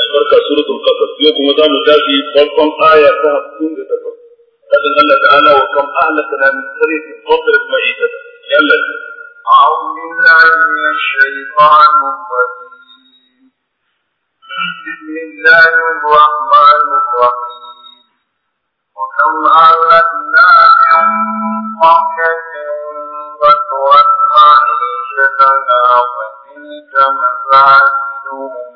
albarka suratul qasas yau kuma za mu tafi farkon aya ta 58 فإن الله تعالى وكم أهلكنا من قرية قبلت ميتة يلا أعوذ بالله من الشيطان الرجيم بسم الله الرحمن الرحيم وكم أهلكنا من قرية بطرت معيشتنا وتلك مساكنهم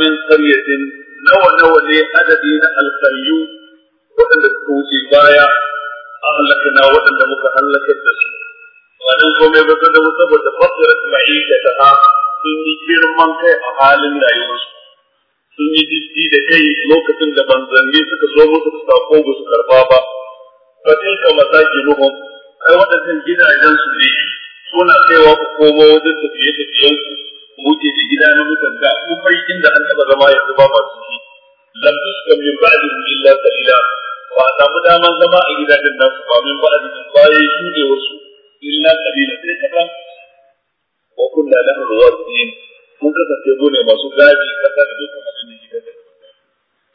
min qaryatin nawa nawa ne adadi na alqaryu waɗanda suka wuce baya ahlakna waɗanda muka halakar da su wannan komai ba da mu saboda fasirat da ta ha sun yi girman kai a halin rayuwarsu sun yi jiddi da kai lokacin da banzanni suka zo musu da sako ba su karba ba fa tilka masakinuhum ne suna ku komo wajen wuce da gida na mutanda ko fai inda an taɓa zama ya zuba masu shi lam tuska min ba'din illa qalila ba a samu daman zama a gidajen nasu ba min ba'din bayan shuɗe wasu illa qalila sai kaɗan wa kunna lahu rawatib mun kasance mu ne masu gadi kasa da duk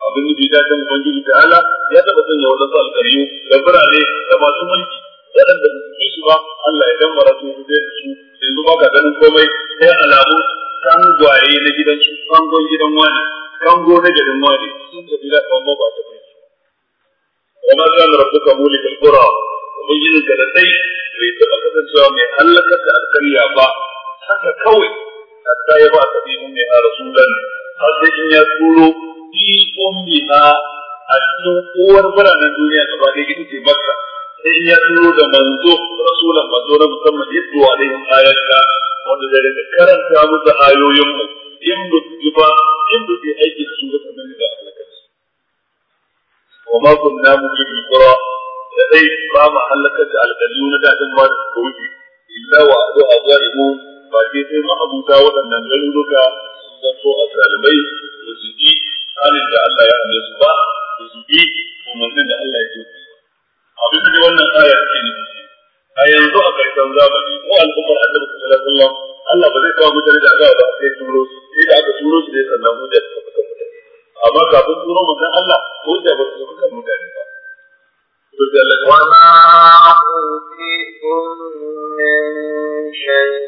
abin da gidan da abin da gidan ubangiji ta ala ya taɓa sanya wadansu alƙaryu da birane da masu mulki waɗanda da su ci su ba Allah ya dambara su ya da su sai zuba ka ganin komai sai alamu tangwaye na gidan su kangon gidan wani kango na garin wani sun tafi da kango ba ta bai وما كان ربك مولك القرى ubangijin ka da sai bai taɓa kasancewa mai hallakar da alkarya ba haka kawai hatta ya ba ta bihin mai a rasulan har sai in ya turo ikon biha a cikin uwar biranen duniya gaba ɗaya ita ce makka sai in ya turo da manzo rasulan manzo na musamman yadda wa alaihim ayatka wanda zai rika karanta musu ayoyin mu in ba su ba in ba su aiki da su ga sanan da halakaci wa ma kunna mujibul qura da dai ba mu halakar da alƙaliyu na dadin ma da kauye illa wa adu zalimu ba ke sai mu abuta waɗannan garuruka sun zanto azalimai ba su ji halin da Allah ya hane su ba da su ji umarnin da Allah ya ce abin da wannan aya ce ne a yanzu a karshen zamani ko al'ummar annabi sallallahu alaihi wasallam Allah ba zai kawo mutane da aka ba sai turo su sai da aka turo su ne sannan hujja ta fita mutane amma kafin turo manzon Allah hujja ba su fita mutane ba وما أوتيتم من شيء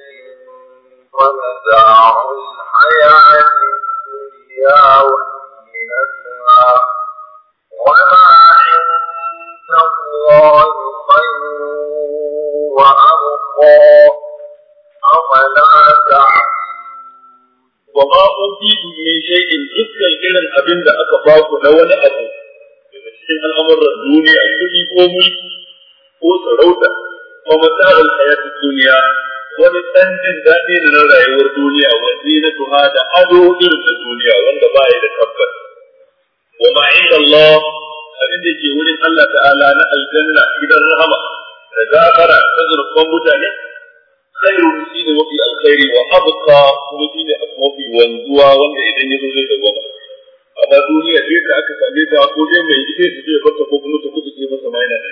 ومتاع الحياة الدنيا وزينتها وما الله خير وأبقى أفلا وما أوتيت من شيء dukkan irin abin da aka ba ku na wani abu daga cikin al'amuran duniya kuɗi ko ko sarauta ko matsalar hayatun duniya wani ɗan jin daɗi da na rayuwar duniya wani na tuha da ado irin duniya wanda ba ya da tabbas wa abin da ke wurin Allah ta'ala na aljanna gidan rahama da gafara ta zurfan mutane khairu shine ne mafi alkhairi wa abqa kuma shi ne mafi wanzuwa wanda idan yazo zai dawo ba duniya ce ta aka same ta ko dai mai ita su je fata ko kuma ta kuɗi ba masa yana da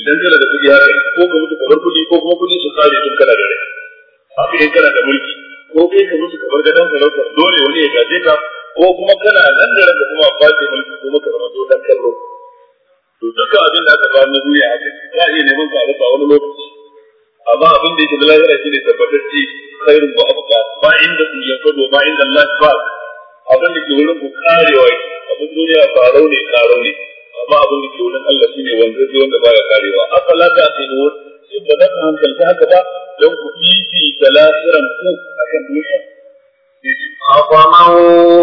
idan kana da kuɗi haka ko ka mutu kamar kuɗi ko kuma kuɗi su kare tun kana da rai haka in kana da mulki ko kai ka mutu kamar gadon sarauta dole wani ya gaje ka ko kuma kana nan da ranka kuma ba ce mulki ko maka zama to dan kallo to duka abin da aka bani na duniya a kai a iya neman ka a wani lokaci amma abin da yake da yana shi ne tabbatacce khairun wa abqa ba inda kun yanfado ba inda Allah ba abin da ke wurin ku karewa abin duniya faro ne karo ne amma abin da ke wurin Allah shine zai wanda baya karewa afala ta tinu shi ba da ka hankalta haka ba don ku fifi da lahiran ku akan duniya أفمن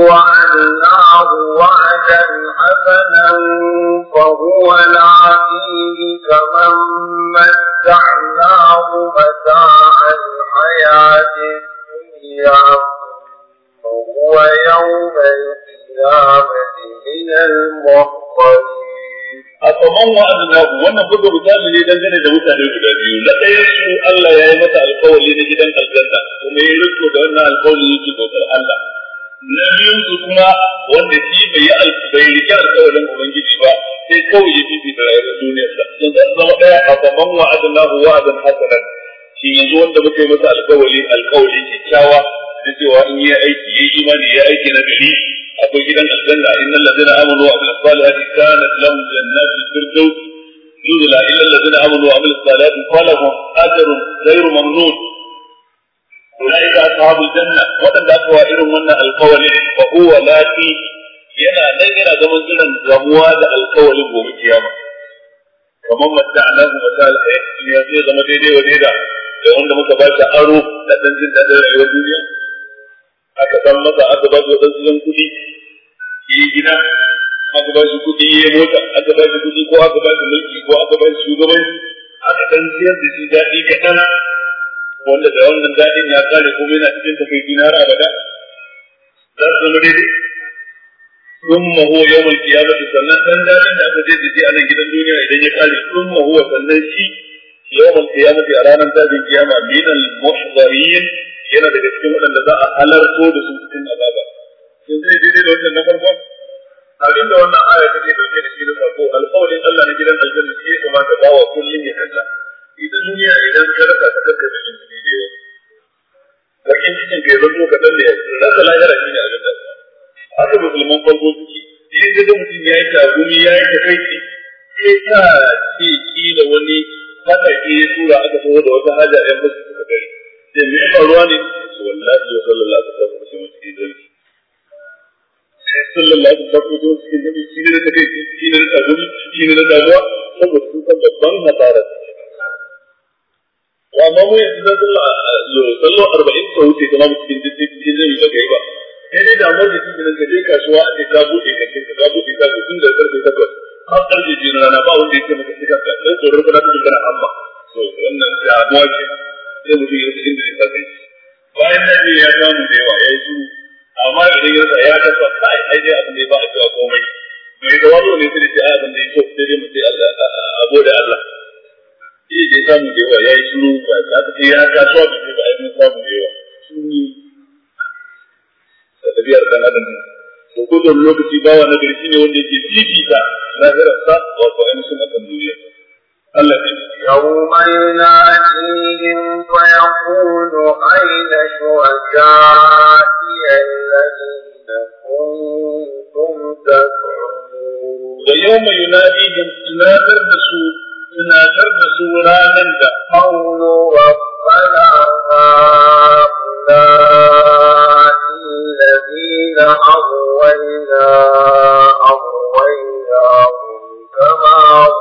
وعدناه وعدا حسنا فهو العزيز كمن متعناه متاع الحياة الدنيا وهو يوم القيامة من المحضرين a tsaman wa'azin naku wannan buga misali ne dangane da mutane guda biyu na ɗaya su Allah ya yi masa alkawari na gidan aljanna kuma ya riko da wannan alkawari yake bautar Allah na biyun su kuma wanda shi bai yi bai rike alkawarin ubangiji ba sai kawai ya fifi da rayuwar duniyarsa yanzu an zama ɗaya a tsaman wa'azin naku wa'azin hasanan shi yanzu wanda muka yi masa alkawari alkawari kyakkyawa da cewa in yi aiki ya yi imani ya aiki na gari أقول جدا الجنة إن الذين آمنوا وعملوا الصالحات كانت لهم جنات الفردوس نزلا إلا الذين آمنوا وعملوا الصالحات فلهم أجر غير ممنون أولئك أصحاب الجنة وأن أكوائر من القول فهو لا فيه yana nan yana zaman jiran gamuwa da alkawalin gobe kiyama kamar mata'ana kuma ta alkhairi ya zama daidai wa daida da wanda muka ba shi aro da dan jin rayuwar duniya aka san masa aka ba shi wadansu yan kuɗi shi gida aka ba shi kuɗi ya mota aka ba shi kuɗi ko aka ba shi mulki ko aka ba shi shugaban aka san siyar da shi daɗi kaɗan wanda da wannan daɗin ya kare kuma yana cikin tafaifi na har abada za su zama daidai ثم هو يوم sannan ɗan daɗin da aka je da shi a nan gidan duniya idan ya kare sun maho sannan shi يوم القيامة أرانا ذات القيامة من المحضرين yana daga cikin waɗanda za a halarto da su cikin azaba in zai je da wannan na farko abin da wannan aya take dauke da shi da farko alƙawarin Allah na gidan aljanna shi kuma ta bawa kullum ya kalla ita duniya idan ka rasa ta kaka da jin da yawa bakin cikin kai zo ka dalle rasa lahira shi ne abin da haka musulman farko suke sai da mutum ya yi tagumi ya yi takaici sai ta ce shi da wani ta karfi ya tura aka so da wata haja ɗan fuska suka gani sai me ya ruwa ne su wallahi wa sallallahu alaihi wasallam sai mu cikin jami'i sallallahu alaihi wasallam cikin jami'i shi ne da kai shi ne da azumi shi ne da damuwa saboda sun san babban hasara wa ma mu yanzu da sallallahu arba'in sau wuce kuma cikin cikin jami'i da kai ba sai dai da damuwar da cikin ka je kasuwa a ce ta buɗe ka ce ka buɗe ka tun da karfe takwas har ƙarfe biyu rana ba wanda ya ce maka sai ka ga ɗan tsoron kana ta dukkan amma to wannan damuwa ce sai mutum ya rasa inda ya sa kai bayan nan ne ya samu da yawa ya yi su amma idan ya rasa ya rasa kai ai dai abin da ba a cewa komai mai da wani ne sai da abin da ya so sai dai mu sai Allah abo da Allah iya je samu da yawa ya yi shiru ba ta ce ya kasuwa ba ba a yi samu da yawa shi ne da tabiyar dan adam لوك في bawa na gari في wanda لا غير lahirarsa wato سنة akan duniya يوم يناديهم ويقول أين شركائي الذين كنتم تدعون ويوم يناديهم لا تنادر لا تنادر بسوء رانا قولوا ربنا هؤلاء الذين أغوينا أغويناهم كما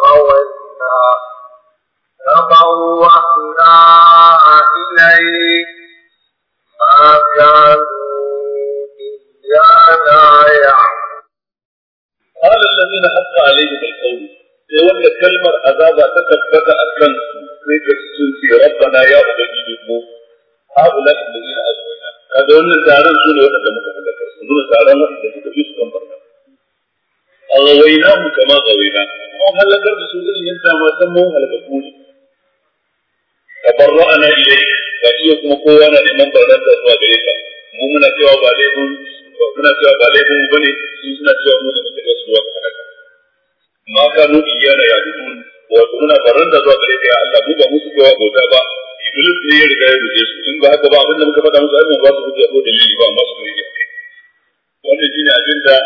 غوينا تبوأنا إليك ما كانوا إيانا قال الذين حق عليهم القول sai wanda kalmar azaba ta tabbata a kan sai ga sun ce da wannan taron su ne waɗanda muka halakar su zuwa taron da suka bi su kan barna a gawaina mu kama gawaina mun halakar da su zai yin dama san mun ku ne tabarra'ana ilai ba iya kuma kowa na neman barnar da zuwa gare ka mu muna cewa ba laifin muna cewa ba laifin mu bane su suna cewa mu ne muka ga su zuwa ga halaka ma kanu iyana ya bidun wato muna barnar da zuwa gare ka ya Allah mu ba musu kowa bauta ba bilis ne ya riga ya buge su in ba haka ba abinda da muka faɗa musu aibin ba su buge ko dalili ba amma su buge kai wannan shi abinda abin da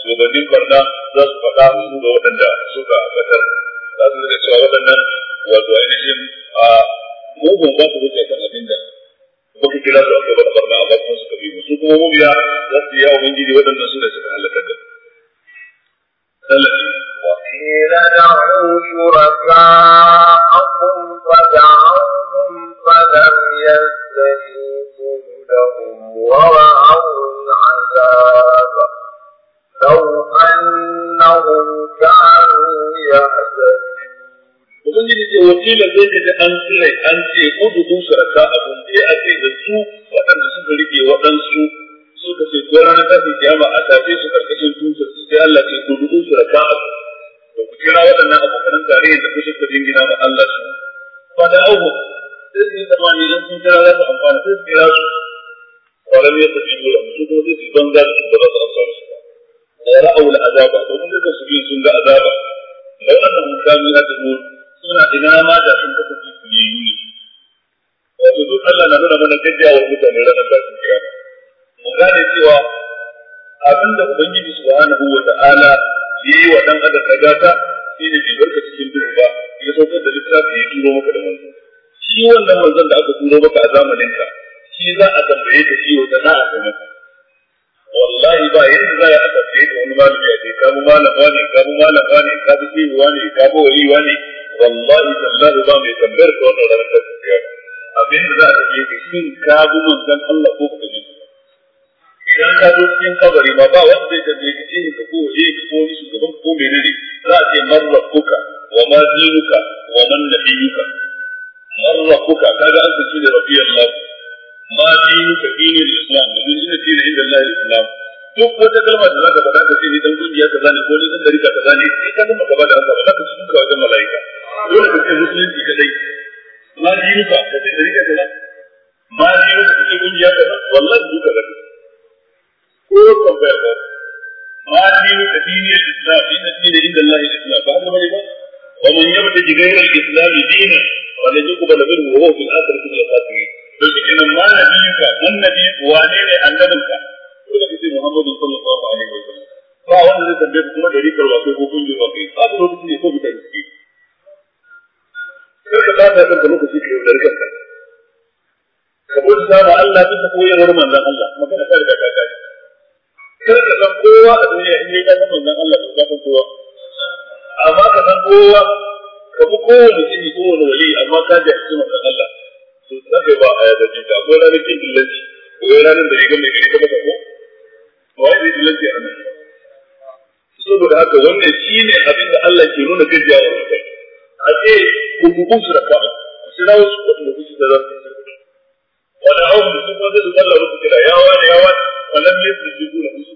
shugabannin barna za su faɗa su ga waɗanda suka fatar za su rika cewa waɗannan wato ainihin a mugun ba su buge kan abin da muka kira su a gaban barna amma kuma suka bi su kuma mubiya za su yi yawon gidi waɗannan su ne suka halakar da su. قيل دعوا شركاءكم فدعوهم فلم يستجيبوا لهم ورأوا العذاب لو أنهم كانوا يهتدون Ubangiji ce wakila zai kaji an tsire an ce kudu dun shirka abin da ya ake da su waɗanda suka waɗansu suka ce ko ranar kafin kiyama a tafe su karkashin dusar su sai Allah ce kudu dun shirka da ku jira waɗannan abokanan tare da kusa kudin gina ba Allah su ba da abu sai su yi ne don sun jira za su amfani sai su jira su ƙwararri ya tafi jura musu kuma sai su banza su ba su amfani su ba da ra'au da azaba ko kuma da su yi sun ga azaba da wannan mutane na tafi suna ina ma da sun kasa su su yi yi wato duk Allah na nuna mana gajiyawar mutane ranar da su jira mu gane cewa abin da Ubangiji Subhanahu wa ta'ala yi wa ɗan adam dagata shi ne bai barka cikin duhu ba ya saukar da littafi ya turo maka da manzo shi wannan manzon da aka turo maka a zamanin ka shi za a tambaye ka shi wata na a kai wallahi ba yadda za a tambaye ka wani malami a ce ka mu malama ne ka mu malama ne ka bi shehuwa ne ka bi waliwa ne wallahi sallahu ba mai tambayar ka wannan ranar ta tafiya abinda za a tambaye ka shi ka bi manzon Allah ko ka bi idan ka zo cikin kabari ba ba wanda zai gaje ka ce ka ko waje ka ko wani shugaban ko menene za a ce man rabbuka wa ma dinuka wa man nabiyuka man rabbuka kaga an tace da rabbi Allah ma dinuka dinul islam da din da dinin inda Allah islam duk wata kalma da zaka faɗa ka ce ni dan kungiya kaza ne ko ni dan dariƙa kaza ne sai ka zama gaba da Allah ba za ka ci duka wajen mala'ika dole ka ce musulunci kadai ma dinuka ka ce dariƙa kaza ma dinuka ka ce kungiya kaza wallahi duka kaza ko tambayar ba ma dinu da diniyar islam inna dina inda Allah islam ba haka bane ba wa man yabtaji ghayra al-islam dinan wa la yuqbal minhu wa huwa fil akhirati min al-khasirin to shi kenan ma nabiyinka annabi wane ne annabinka ko da kace Muhammadu sallallahu alaihi wa sallam ba wanda zai tambaye kuma da rikar wasu ko kungiyar wasu ba da lokaci ne ko bi da gaske kar ka ba ta kanka lokaci ka yaudar kanka ka bauta wa Allah bisa koyarwar manzon Allah magana ta riga ta kai kar ka san kowa a duniya in yi kasan manzon Allah ba ka kowa amma ka san kowa ka bi kowane jini kowane wali amma ka ji hikima kan Allah to za ka ba a ya zaji ka akwai ranar kin dillanci akwai ranar da rigar mai kai ta baka ko ba ya dillanci a nan saboda haka wannan shine abin da Allah ke nuna gajiyawa mutum a ce ku su da a ku sira wasu waɗanda kuke da za su wani awon da sun kwanza su kalla musu kira yawa ne yawa wannan ne su ji kuna musu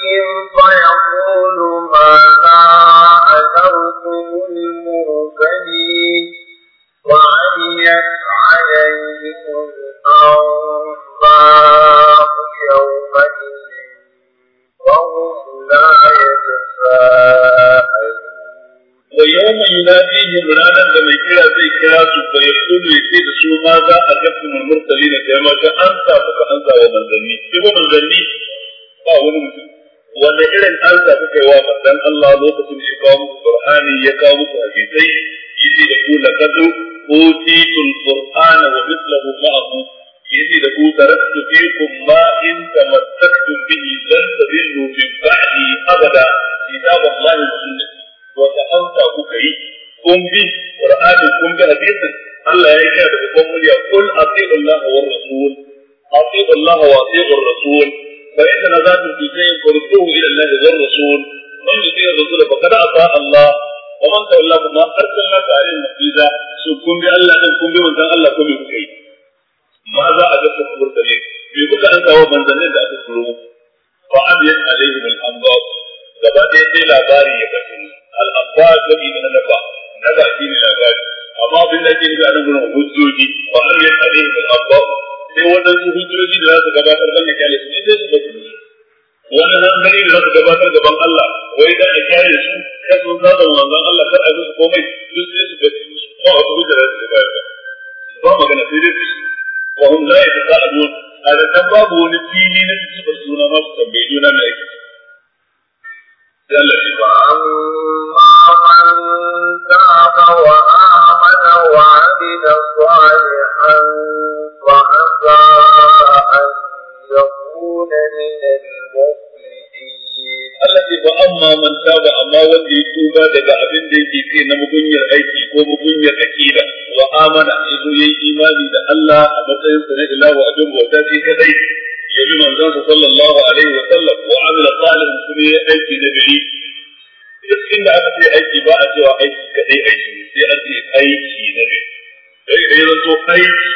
dan Allah lokacin da ya kawo muku Qur'ani ya kawo muku hadisai yace da ku laqad utitul Qur'ana wa mithluhu ma'ahu yace da ku taraktu fiikum ma in tamassaktum bihi lan tadillu min ba'di abada kitab Allah wa sunnah wa ta'awta kuka yi kun bi Qur'ani kun bi hadisin Allah ya kira da babban murya kul atiiu Allah wa rasul atiiu Allah wa atiiu rasul fa inna nazatu fi magana sai dai fushi wa hum la yatasaalun a da dan babu wani fili na su ba suna ma su tambaye juna na aiki sai Allah ba amma man taba an amma wanda ya tuba daga abin da yake kai na mugunyar aiki ko mugunyar akida wa amana yazo yayi imani da Allah a matsayin sa na ilahu abin bauta shi kadai ya bi manzon sallallahu alaihi wa sallam wa amila salihan su ne aiki na gari duk inda aka ce aiki ba a cewa aiki kadai aiki sai an ce aiki na gari Sai dai zan to aiki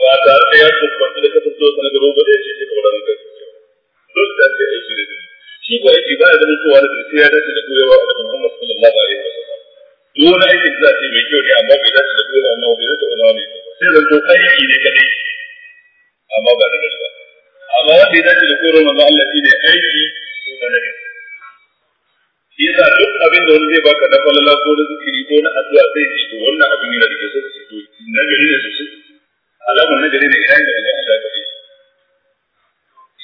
ba tare da ya tabbata da kasancewa sanar da roba da ya ce kamar ranar kasancewa duk da ake aiki na gari shi ba aiki ba ya zama cewa da Sai ya dace da koyarwa a Muhammad sallallahu alaihi wa sallam duk wani aikin da za ta mai kyau ne amma bai dace da kowane wannan bai dace wani wani sai zan zo aiki ne kadai amma ba da gaske ba amma wanda ya dace da kowane wannan Allah shi ne aiki ko na nagari shi yasa duk abin da wani zai baka na falala ko na zikiri ko na addu'a zai ci to wannan abin yana da kyau sai to nagari ne sosai alamar nagari ne ina inda wannan Allah kadai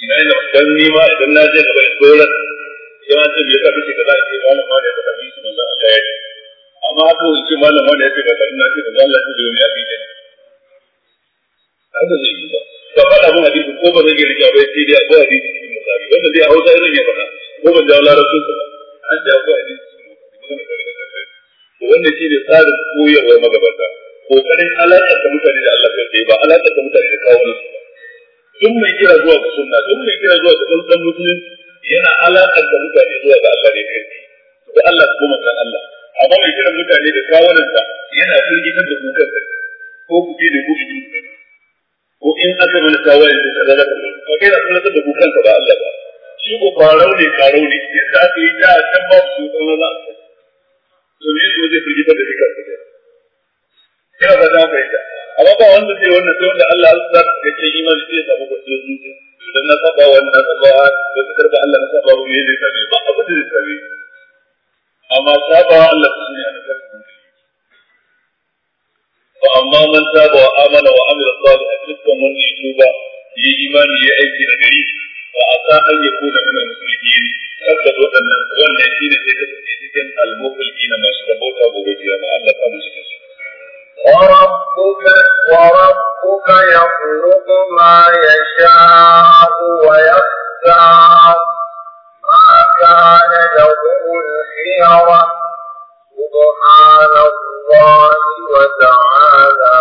ina inda dan ni ma idan na je gaba in dora yawan ce bai ka kace kaza ce malama ne ka tabbata manzo Allah ya ce amma haka wuce malam wanda ya ce ba karin na ce ba Allah lafi da wani abin ke haka zai yi ba ba faɗa mun hadisi ko ba zai rike ba sai dai akwai hadisi cikin misali wanda dai a hausa irin ya faɗa ko ban jawo larabcin sa an jawo akwai hadisi cikin misali wannan shi ne tsarin koyarwar magabata kokarin alaƙar da mutane da Allah kai ba alaƙar da mutane da kawo nasu duk mai kira zuwa ga sunna duk mai kira zuwa ga dan musulunci yana alaƙar da mutane zuwa ga Allah ne kai da Allah kuma kan Allah amma mai kiran mutane da kawunansa yana firgitar da kukan sa ko ku ce da ku cikin ku ko in aka mana tawaye da kaza da kaza ba kai na sunan da kukan ka ba Allah ba shi ko farau ne karau ne yadda aka yi da can ba su kan wala to ne su zai firgitar da kukan sa kira ba za ka yi ta amma ba wanda zai wannan sai wanda Allah ya sa ka ce imani sai ya samu kwanciyar zuciya idan na saba wannan saba ba su karba Allah na saba ba me ne ta ne ba abu da zai same amma saba wa Allah shine a nazar fa amma man saba wa amana wa amila salihan dukkan wanda ya tuba yi imani ya aiki na gari fa asa an yakuna kuna al-muslimin kada wadannan wannan shine sai kasance cikin al na masu rabota gobe kiyama Allah ta mu cikin su وربك وربك يخلق ما يشاء ويختار جعل لهم الخيرة سبحان الله وتعالى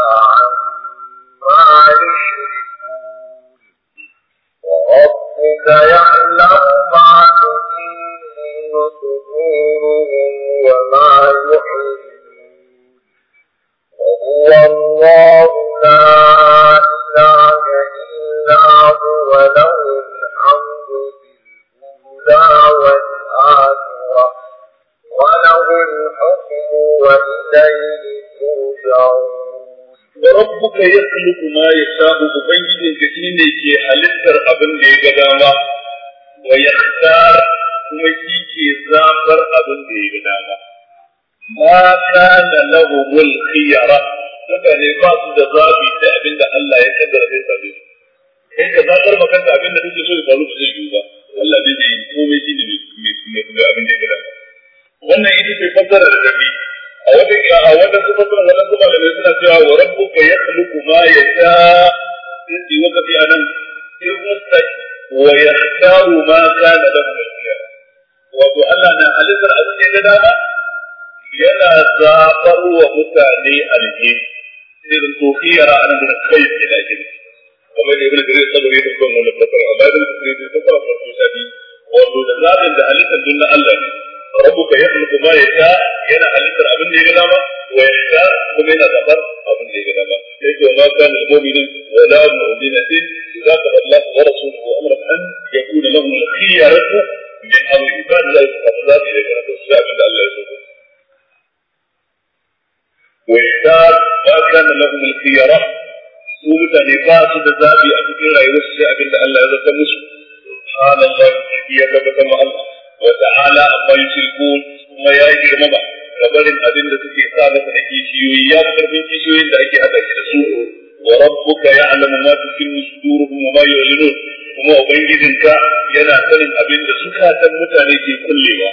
عما يشركون وربك يعلم ما تكين صدورهم وما يحزنون وهو الله لا إله إلا هو له الحمد الدنيا والآخرة وله الحكم وإليه ترجعون وربك يخلق ما يشاء ubangijin ka shine ke halittar abin da ya ga dama wa kuma shi ke abin da ya ga dama ma kana lahumul khiyara mutane ba su da zabi da abin Allah ya kaddara abin da so faru yiwu ba Allah bai da yin komai shi ne mai kuma abin da ya gada wannan ita ce fassara da tafi a wata a wata su fassara wannan su malamai suna cewa wa rabbuka yakhluqu ma yasha sai su yi wakafi a nan sai musta wa yahtaru ma kana lahum al-khiyar wato Allah na halittar abin da ya gada ba yana zaɓar wa mutane alheri sai da to khiyara an da kai da ake kamar da ibn jarir sabari da kuma wannan fasara amma ibn jarir da fasara farko shafi wato da zaɓin da halittar dun na Allah ne rabbuka yakhluqu ma yasha yana halittar abin da ya gada ba wa yasha kuma yana zabar abin da ya gada ba yake wa ma kana mu'minin wa la mu'minatin idza qada Allahu wa rasuluhu amran an yakuna lahum al-khiyaratu min amri ba da za su yi karatu su abin da Allah ya so ويختار ما كان لهم الخيارات su mutane ba su da zaɓi a cikin rayuwarsu sai abin da Allah ya zata musu subhanallahi sarki ya tabbata ma Allah wa ta'ala amma yushrikun kuma ya yi girma ba barin abin da suke sa masa da kishiyoyi ya fi ƙarfin kishiyoyin da ake hada shi da su wa rabbuka ya'lamu ma tukinnu suduruhum wa ma yu'linun kuma ubangijinka yana sanin abin da suka san mutane ke kullewa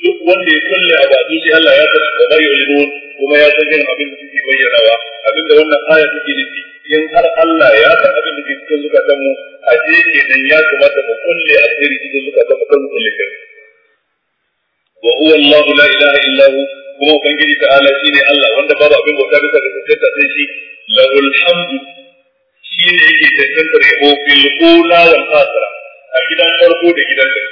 duk wanda ya kulle a ba sai Allah ya san wa ma yu'linun kuma ya san abin da suke bayyanawa abin da wannan aya take nufi in har Allah ya san abin da ke cikin zukatan mu a je ke nan ya kamata mu kulle a cikin cikin zukatan mu kan kulle kai wa huwa Allah la ilaha illa hu kuma ubangiji ta'ala shine Allah wanda babu abin bauta bisa ga tantance sai shi lahul hamdu shine yake tantantar yabo fil qula wal akhirah a gidan farko da gidan da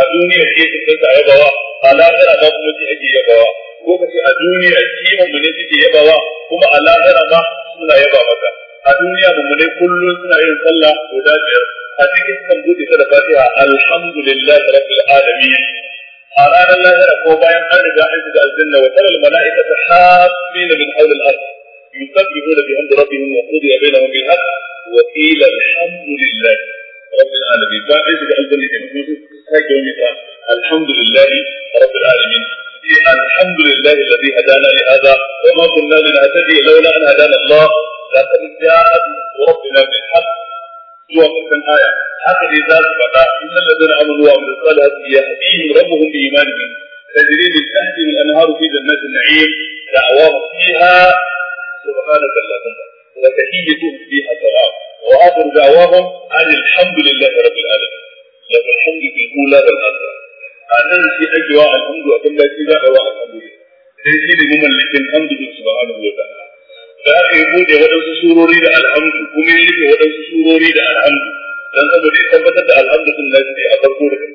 a duniya ce tantance yabawa, a lahira ba kuma ce ake yabawa ko kace a duniya kiman mu ne suke yabawa kuma a lahira ma suna yaba maka a duniya ne kullum suna yin sallah guda biyar a cikin kan bude ta da fatiha alhamdulillah rabbil alamin a ranar lahira ko bayan an riga an shiga aljanna wa tara taral mala'ikata hasbina min hawl al-ard yusabbihuna bi amri rabbihim wa qudiya bainahum bil haqq wa qila alhamdulillah rabbil alamin ba an shiga aljanna da ko sai ke wani ta alhamdulillah rabbil alamin الحمد لله الذي هدانا لهذا وما كنا لنهتدي لولا ان هدانا الله لقد جاءكم ربنا بالحق zuwa karshen aya haka dai za su faɗa in allazina amanu wa amilus salihati yahdihim rabbuhum bi imanihim tajri min tahtihim al-anharu fi jannati an-na'im da'awahum fiha subhanaka allahumma wa tahiyyatuhum fiha salam wa akhiru da'awahum alhamdulillahi rabbil alamin lakal hamdu fil ula wal akhirah anan shi ake wa alhamdu abin da shi za a wa alhamdu sai shi ne mamallakin hamdu subhanahu wa ta'ala da haka ya bude waɗansu surori da alhamdu kuma ya rufe waɗansu surori da alhamdu dan saboda ya tabbatar da alhamdu sun lafi a farko da kai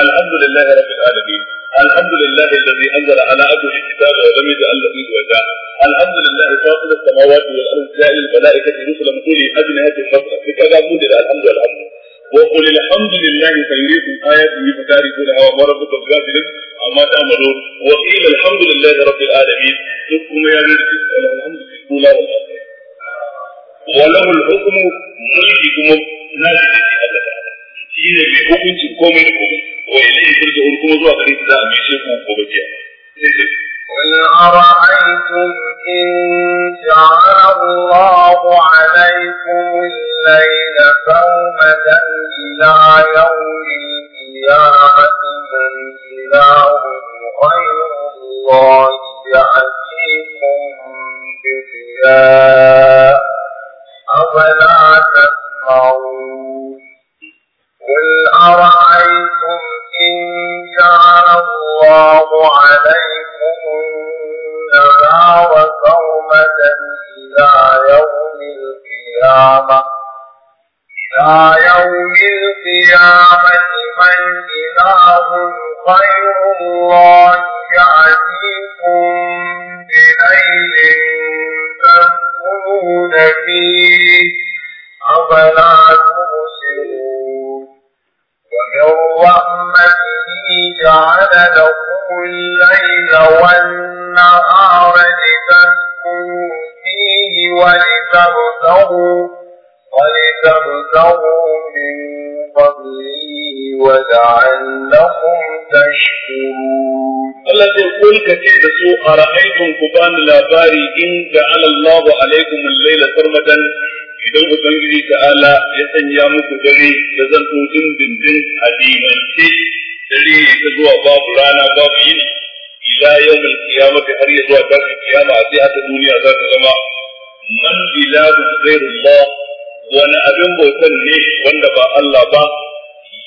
alhamdulillah rabbil alamin alhamdulillah alladhi anzala ala abdihi alkitaba wa lam yaj'al lahu iwaja alhamdulillah fatir as-samawati wal ardi ja'al al-mala'ikati rusulan uli ajnihati fasra kaga bude da alhamdu alhamdu وقل الحمد لله سيريكم آياته فتعرفون أو ربكم كافرا أما تعملون وقيل الحمد لله رب العالمين ثم يا رزق الحمد الأولى والآخرة وله الحكم مجدكم نازل في الله تعالى إذا بحكم تقوم منكم وإليه ترجعونكم وزوا قريبا من شيخكم وبتيا قل أرأيتم إن جعل الله عليكم الليل فرمدا إلى يوم bani labari in ga alallahu alaikum laila sarmadan idan ubangiji ta'ala ya sanya muku dare da zanto dindindin dare ya ta zuwa babu rana babu yini ila yawmil qiyamati har ya zuwa tashin a duniya za ta zama man ghairullah wani abin bautan ne wanda ba Allah ba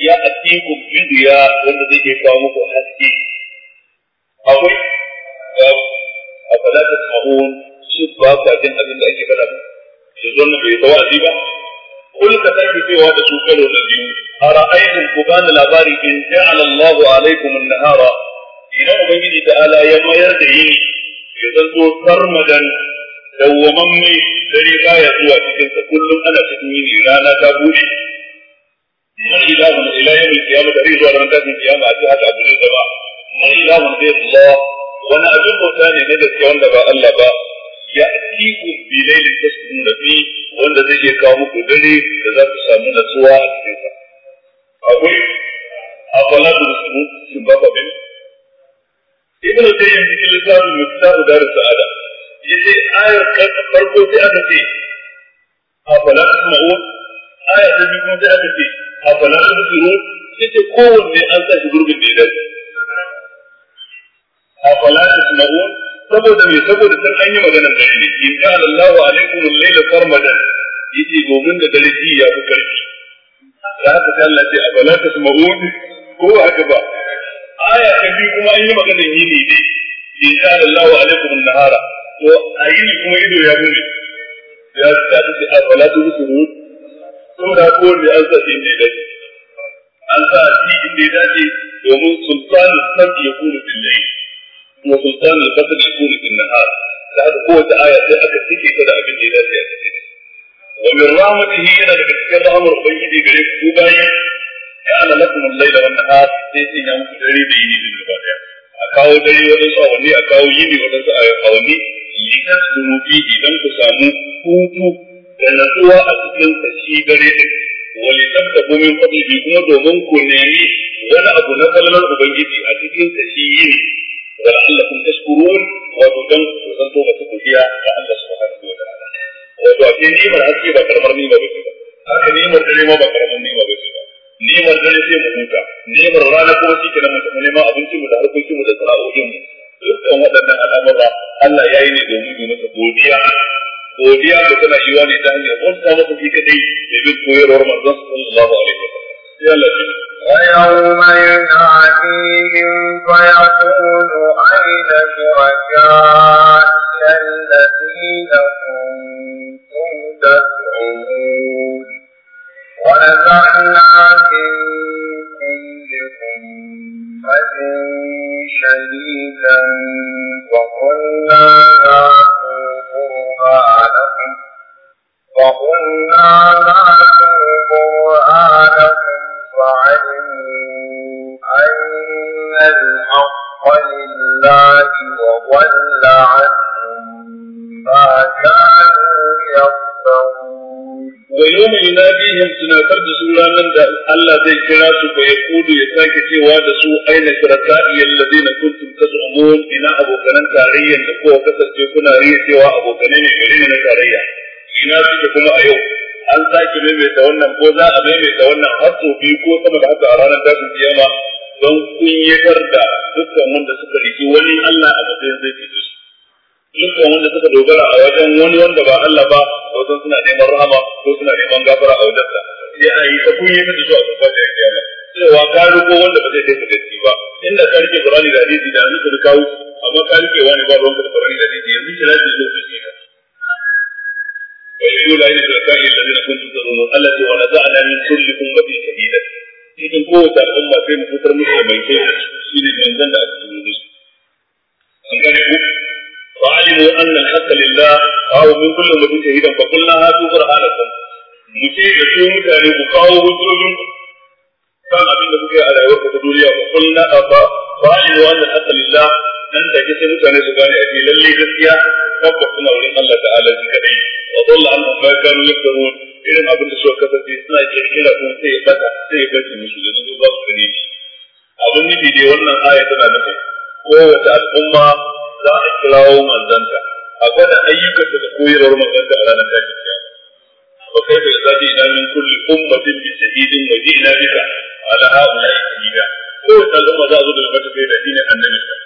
ya atiku bidiya wanda zai kawo muku haske akwai afala tasma'un shi ba ka jin abin da ake faɗa ba shi zon bai tawazi ba kul ka sake cewa da su karo na biyu ara'aytum ku bani labari in ja'ala Allahu alaikum an-nahara idan ubangiji ta ala ya mayar da yini ya zanto sarmadan dawwamamme dare baya zuwa cikin kullum ana ta من إله إلى يوم القيامة ريز ولم تكن القيامة أتي أبو الزبا من إله غير الله wani abin bauta ne na gaske wanda ba Allah ba ya atiku ta lailin tasbun fi wanda zai iya kawo muku dare da za ku samu natsuwa a cikin sa akwai akwala da su sun ba ba bin ibnu tayyib cikin littafin da dar sa'ada ce ayar farko sai aka ce afala tasma'u ayar ta biyu kuma sai aka ce afala tasirun ce kowanne an sa shi gurbin da ya dace afala tasma'un saboda me saboda san an yi maganar dare ne in Allahu alaikum al-layla farmadan yace gomin da dare ji ya fi karfi da haka sai Allah ce afala ko haka ba aya ta biyu kuma an yi maganar yini ne in kana Allahu alaikum an-nahara to a yini kuma ido ya gumi ya ta ce an sa shi ne an sa shi domin ya وسلطان البطل يكون في النهار لهذا قوة آية أكد تكي كذا أبن جيدات يا سيدي ومن رحمته هنا لقد كرم أمر بيدي قريب كوبايا كان لكم الليل والنهار سيدي نعم مكتري بيدي من البارية أكاو دري ودنسا وني أكاو يني ودنسا أكاوني لتسكنوا فيه دم تسامو كوتو تنسوا أتكن تشي قريب ولتبتغوا من قبل kuma domin كنيني nemi wani abu na kallon ubangiji تشييني ولعلكم تشكرون وتدن وتدن توبة تقولها لعل سبحانه وتعالى وتعطي نيمة عزيزة بكرمر نيمة بكرمر أخي نيمة كلمة بكرمر نيمة بكرمر نيمة جلسة مهوتة نيمة رانا كوتي كنا مهنما أبنتي مدهر كنتي مدهر أهم لكم أدنى الأمر ألا يأيني دومي بما تقولها قولها بكنا إيواني تهني أبنتها وتفيك دي صلى الله عليه وسلم ويوم يناديهم فيقول أين شركائي الذين كنتم تدعون ونزعنا من كل أمة شهيدا وقلنا هاتوا برهانكم وقلنا هاتوا برهانكم وعلموا أن الحق لله وضل عنهم ما كانوا يفترون ويوم يناديهم سنافر دسولا من ذا الله زي كراس فيقول يتاك سوى دسو أين شركائي الذين كنتم تزعمون إلى أبو كنان تاريا لكوة كتسجكنا هي سوى أبو كنان يغلين تاريا ina suke kuma a yau an sake maimaita wannan ko za a maimaita wannan har sau biyu ko sama da haka a ranar tashin kiyama don kunyatar da dukkan wanda suka riki wani Allah a matsayin zai fito shi dukkan wanda suka dogara a wajen wani wanda ba Allah ba ko suna neman rahama ko suna neman gafara a wajen sa sai a yi ta kunyatar da su a farkon da kiyama cewa ka riko wanda ba zai kai ka gaske ba inda ka rike Qur'ani da hadisi da hadisi da kawo amma ka rike wani ba ruwan ka da Qur'ani da hadisi yanzu kira shi lokaci ne ويبيع العين بالعكاء الذين كنتم تظنون التي ونزعنا من كل أمة شهيدا cikin kowace al'umma sai mu fitar musu da mai kai shi ne manzon da aka turo musu an gane ku fa alimu anna al-haqqa lillah aw min kulli ummatin shahidan fa qulna mu ce da su mutane ku kawo hujjojin kan abin da kuke a rayuwar ta duniya fa qulna sai mutane su gane gaskiya kuma Allah wa dalla an ma kanu yakun irin abin da suka kasance suna kirkira kuma sai ya bata sai ya bace musu da su ba su nufi dai wannan aya tana da kowace al'umma za a kirawo manzanta a gwada ayyukan da koyarwar manzanta a ranar tashin kiyama wa kai bai zaɗi ina min kulli ummatin bi shahidin za a zo da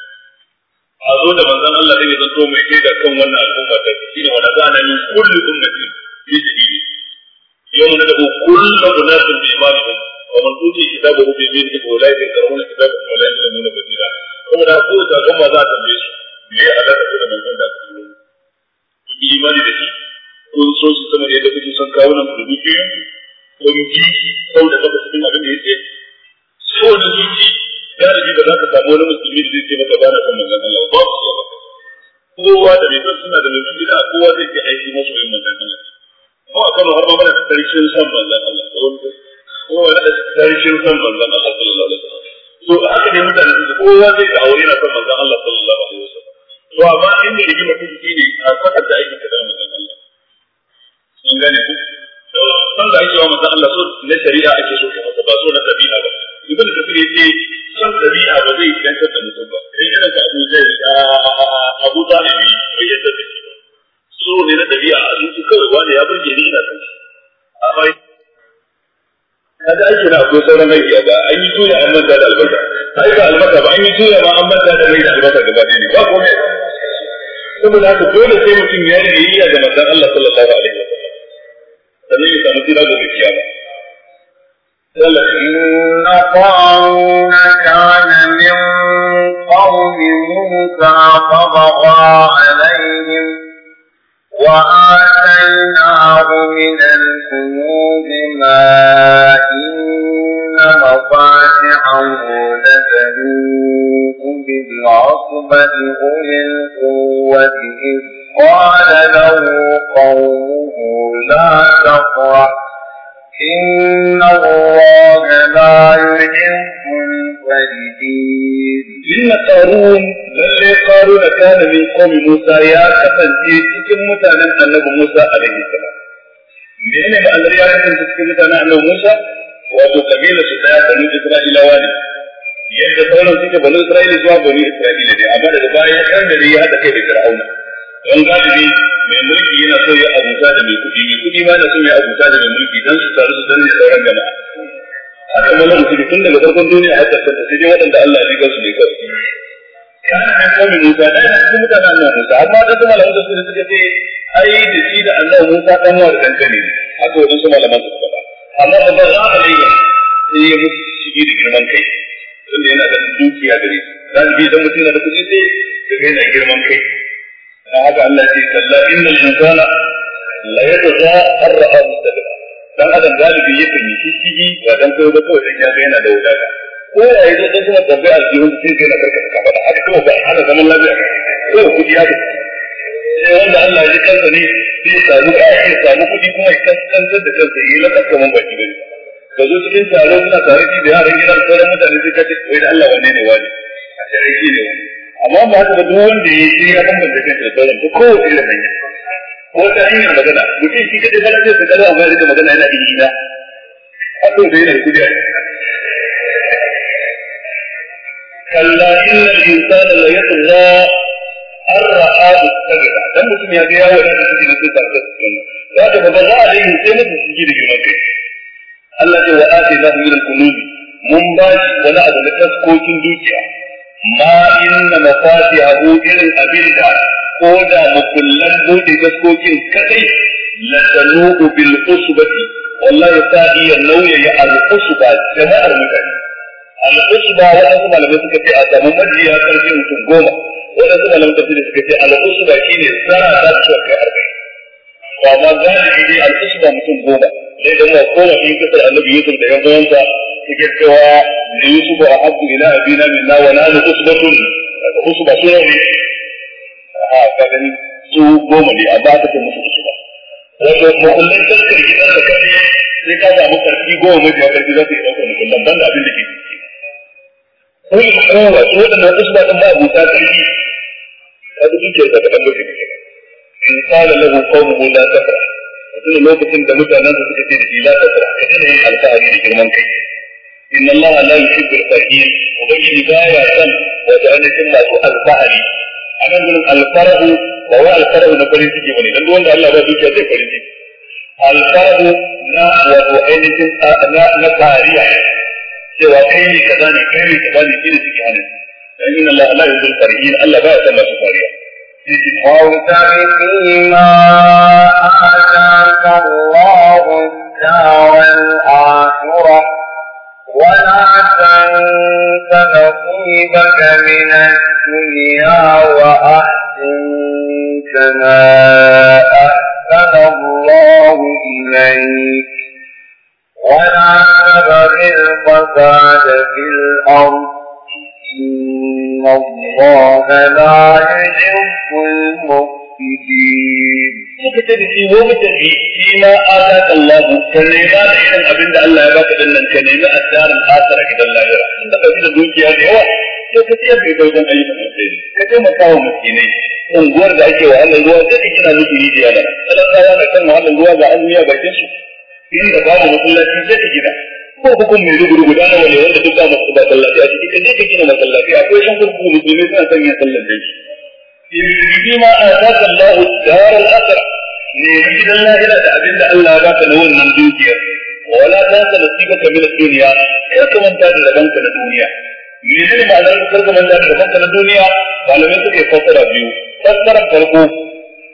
a zo da manzon Allah zai zanto mai kai da kan wannan al'umma ta shine wala zana min kulli ummati bi sabili yawma da kullu munasin bi imamihim wa man utiya kitabahu bi da fa ulaika yarquna kitabahu da mun yuzlamuna badila kuma da ko da kuma za ta bi su me ya hada da manzon da ku ku yi imani da shi ko so su sama da yadda kuke son kawo nan ku dubi kun ji ko da kafa cikin abin da yake sai da zuci galibi ba za ka samu wani musulmi da zai ce maka bana kan manzon Allah ba su ba kowa da mai suna da mai bida kowa zai ke aiki masu yin manzon Allah ko a kano har ma mana karshen san manzon Allah kowa da karshen san manzon Allah sallallahu alaihi wasallam to haka ne mutane su kowa zai ga aure na san manzon Allah sallallahu alaihi wasallam to amma inda rigima ta ji ne a fakar da aiki da manzon Allah sun gane ku san da ake wa manzon Allah so na shari'a ake so ka ba so na dabi'a ba ibn kafir yace san dabi'a ba zai dantar da mutum ba dan irin ka abu zai abu ne bai yadda da shi ba so ne na dabi'a a zuci kawai wani ya burge ni ina san amma kada ake na akwai sauran aiki a ba an yi tuya an manta da albasa ai ba albasa ba an yi tuya ma an manta da mai da albasa gaba ɗaya ne ba komai saboda haka dole sai mutum ya yi iya ga manzon Allah sallallahu alaihi wasallam sannan ya samu tira gobe kiyama Allah قارون كان من قوم موسى فبغى عليهم وآتيناه من الكنوز ما إن مفاتحه لتنوء بالعصبة أولي القوة إذ قال له قومه لا تفرح إن الله لا يحب الفريدين إن قارون للي قارون كان من قوم موسى يا كفن تيكم متانا النبي موسى عليه السلام من ما أن رياض تيكم متانا النبي موسى wato kabila su daya banu Isra'ilawa yadda sauran suke banu Isra'ila zuwa banu Isra'ila ne amma daga baya ya kan da ya haɗa kai da don galibi mai mulki yana so ya abuta da mai kuɗi mai kuɗi ma yana so ya abuta da mai mulki don su taru su da sauran jama'a haka mana mutum tun daga farkon duniya har ƙarshen ta sai waɗanda Allah ya su ne kawai kana nan kawai Musa da yana cikin mutanen Allah Musa amma da kuma malamin da suka ce ai da shi da Allah Musa dan wa da dankali haka wajen su malaman suka faɗa amma da ba za a rage sai ya mutu shigi da girman kai tun da yana da dukiya gare shi zan bi dan mutum na da kuɗi sai daga yana girman kai na haka Allah ya ce kalla innal insana la yatgha arra'a mustaqbala dan adam galibi yakan yi shishigi ba dan kai ba kawai dan ya ga yana da wadata ko ya yi dan kuma tabbai aljihun sai kai na karka ka fada haka kuma ba ana zaman lafiya ko kudi haka sai wanda Allah ya kansa ne sai ya samu ka ya samu kudi kuma ya kaskantar da kansa ya lafa kaman baki bane ka zo cikin taron suna tare da yaran gidan sauran mutane sai ka ce wai da Allah wanne ne wani a tare shi ne wani amma ba haka ba duk wanda ya shi ya bambanta kansa da sauran ko kowace irin hanya ko ta hanyar magana mutum shi kadai ba zai tsada amma ya rika magana yana iri na akwai da yana kudi a kalla inna al-insana la yatgha ar-ra'a istaghna dan mutum ya ga ya wada da cikin sai ta ta da ta ba za a dai sai mutum shi da girman kai Allah ya wa ati lahu min al-qulubi mun ba shi wani abu na taskokin dukiya ma inna abu irin abinda ko da mukullan bude gaskokin kadai la tanu bil usbati wallahi ta iya ya al usba jama'ar mutane al usba wadansu malamai suka ce a samu majiya karfin mutum goma suka lamu suka ce suka ce al usba shine zara ta ce kai arba'in to amma galibi al usba mutum goma dai da mu kowa in kasar annabi yusuf da yan gwanta suke cewa da yusufu a haɗu ila abina minna wa na da usbatun daga usba su ne a kaɗan su goma ne ba ta ce musu usba wato makullin taskar gidan da kare sai ka samu karfi goma mafi karfi za su yi ɗaukar makullan ban da abin da ke ciki ko yi kowa su waɗannan usba ɗin ba a buta karfi a duk ke da kaɗan mafi in kala lahu qawmuhu la tafrah mutum lokacin da mutanen su suka ce da shi la tafrah ka dena yin alfahari da girman kai inna Allah la yuhibbu al-faqir ubangiji baya san wato annakin masu alfahari anan gurin alfarahu ba wa alfarahu na farin ciki bane dan wanda Allah ba dukiya zai farin ciki alfarahu na wato ainihin na na tariya cewa kai ne kaza ne kai ne kaza ne shi ne ciki hanin dan inna Allah la Allah baya fariya آتاك الله الدار الآخرة أنت نصيبك من الدنيا وأحسن كما أحسن الله إليك ولا تبغ الفساد في الأرض إن الله لا يحب المفسدين مفسدين suka ce da shi wa mutane shi ma ataka Allah ka nema da irin abin da Allah ya baka din nan ka nemi addarin asara gidan lahira inda ka fi da dukiya da yawa sai ka tiyar da wajen ayyukan alkhairi ka taimaka wa miskinai unguwar da ake wa wahalar ruwa zai kina rukuni da yana talakawa na kan wahalar ruwa ga azumi a bakin su inda babu masallaci zai ta gida ko hukum mai rubu guda na wale wanda duk ba masallaci a ciki ka je ka gina masallaci akwai yan kurkuku musulmai suna son yin sallar da shi bima ataka Allah ad-dar al-akhirah ne gidan lahira da abin da Allah ya baka na wannan dukiya wala tansa nasibaka min ad-dunya ya kamanta da rabanka na duniya menene ma'anar karka manta da rabanka na duniya malamai suka yi biyu fassarar farko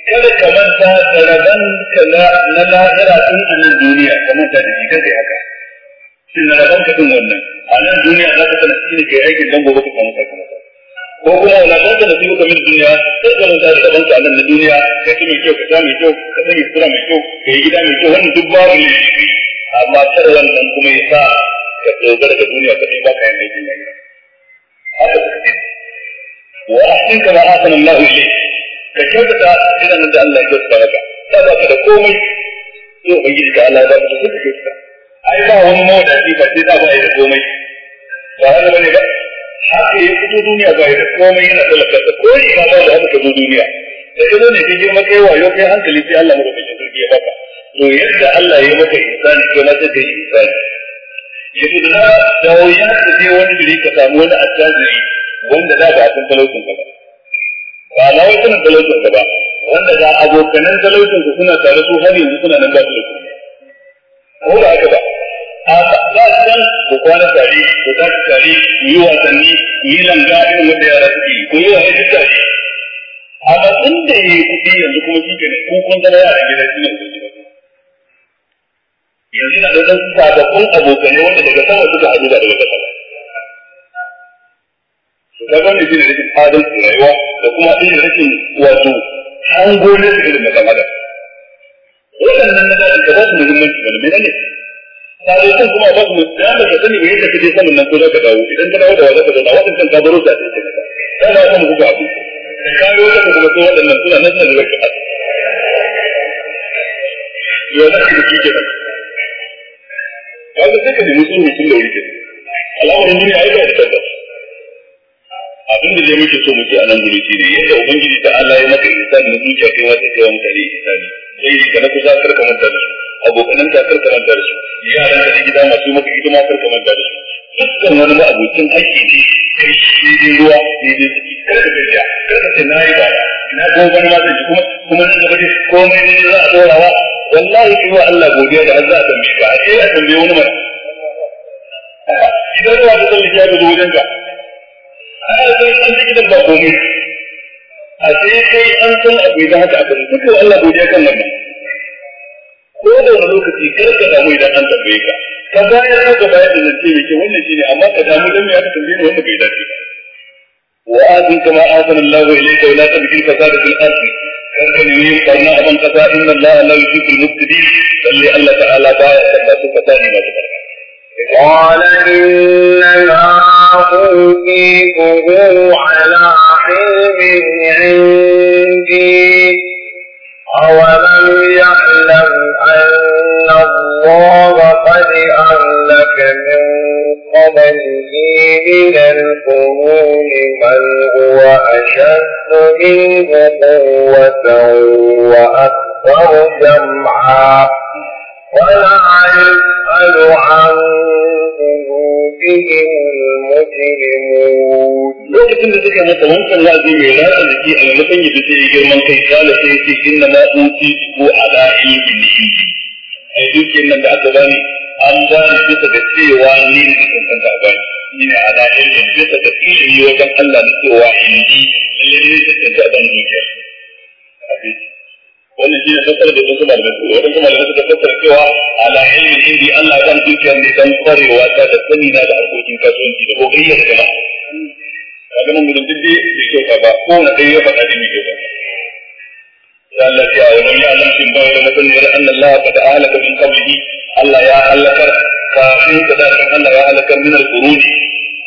kada ka manta da rabanka na lahira tun duniya ka manta da shi kada haka wannan a nan duniya za ka aikin ko kuma wala da su kamar duniya sai ka mun da banka a nan na duniya ka ci mai kyau ka sha mai kyau ka sanya sura mai kyau ka yi gida mai kyau wannan duk babu ne amma kar wannan kuma ya sa ka dogara da duniya ka ba ka yin aikin lafiya haka ka ce wa ahsin kama ahsan Allah ilayk ka kyautata irin da Allah ya kyautata maka ta ba ka da komai sai ubangiji ka Allah ya ba ka da kyautata ai ba wani mawadaci ba sai da ba ya da komai ba haka ne ba haka ya fito duniya ba da komai yana talaka da ko ina ba da haka zo duniya da ka zo ne ka girma kai wayo kai hankali sai Allah maka kai sarki ya baka to yadda Allah ya maka insani ko na ta kai insani yanzu da da ya ta je wani gari ka samu wani attajiri wanda da ba a san talaucin ka ba ba na wai sanin talaucin ka ba wanda da abokanan talaucin ku suna tare su har yanzu suna nan ba talaucin ko da haka ba haka za su san ku kwana tare ku tashi tare ku yi wasanni ku yi langa irin wanda yara suke yi ku yi wa yaji tare amma tun da yi kuɗi yanzu kuma shi ke ku kun zama yara gida shi ne ku yanzu na ɗaukar sababbin abokanai wanda daga sama suka haɗu da daga ƙasa ka ga mai da rashin adalci rayuwa da kuma irin rikin wato hango ne su irin na ɗan adam waɗannan na da adam ba su muhimmanci ba ne mai ne sai kan kuma ba mu da mu ka sani me yake kaje sanin nan ko za ka dawo idan ka dawo da wanda ka zo da wanda kan ka baro ta ce ka da ka mu kuka abu da ka yi wata kuma ko wadannan suna nan suna da wata ka ya da kike kike kaga sai ka nemi sulhu tun da wuri ke al'amarin duniya ai ba da tabbas abin da zai muke so mu ce a nan guri shine yadda ubangiji ta Allah ya maka ihsani na zuciya kai wata kai wa mutane ne. sai ka na kusa karka mutane abokanan ka karka manta da su yaran da gida masu maka ma karka manta da su dukkan wani ma'abocin aiki ne kai shi ne ruwa ne ne su karka gajiya karka ce na yi ba na kuma wani ma zai kuma kuma na gaba dai komai ne za a ɗorawa wallahi kai wa Allah godiya da Allah za a tambaye ka a ce a tambaye wani mana idan ruwa ta tsallake ya gaji wajen ka ana da an an gidan ba komai a sai kai an san abu idan haka aka duka Allah godiya kan wannan kowane wani lokaci kar ka damu idan an tambaye ka ka bayar haka bayar da zance mai kyau wannan shine amma ka damu dan me aka tambaye ni wanda bai dace ba wa azin kama azan Allahu ilayka wala tabgil fasada fil ardi kar ka nemi yin barna a ban kasa inna Allah la yuhibbu al-mufsidin salli Allah ta'ala baya sabba su fasani masu barna قال إنما أوتيته على علم عندي أولم يعلم أن الله قد أهلك من قبله من القرون من هو أشد منه قوة وأكثر جمعا ولا يسأل عن ذنوبهم المجرمون lokacin da suka masa wancan mai latsa jiki a maimakon yadda girman kai kala sai ya ce inna ma uti ko ala ilmi ne inji a yi nan da aka bani an bani bisa ga cewa ni ne da bani ni ne ala ilmi wajen Allah da cewa a bani wannan shi ne fassara da wasu malamai su wadansu malamai suka fassara cewa ala ilmin indi Allah zan dukiya ne dan kwarewa ta da sani na da harkokin kasuwanci da gogayya da jama'a kaga nan gudun duk bai kyauta ba ko na ɗaya ya faɗa da mai kyauta Allah ya wa man ya'lam kin ba da masaniyar anna Allah qad ahlaka min qablihi Allah ya halakar kafin ka da kan Allah ya halakar min al-quruni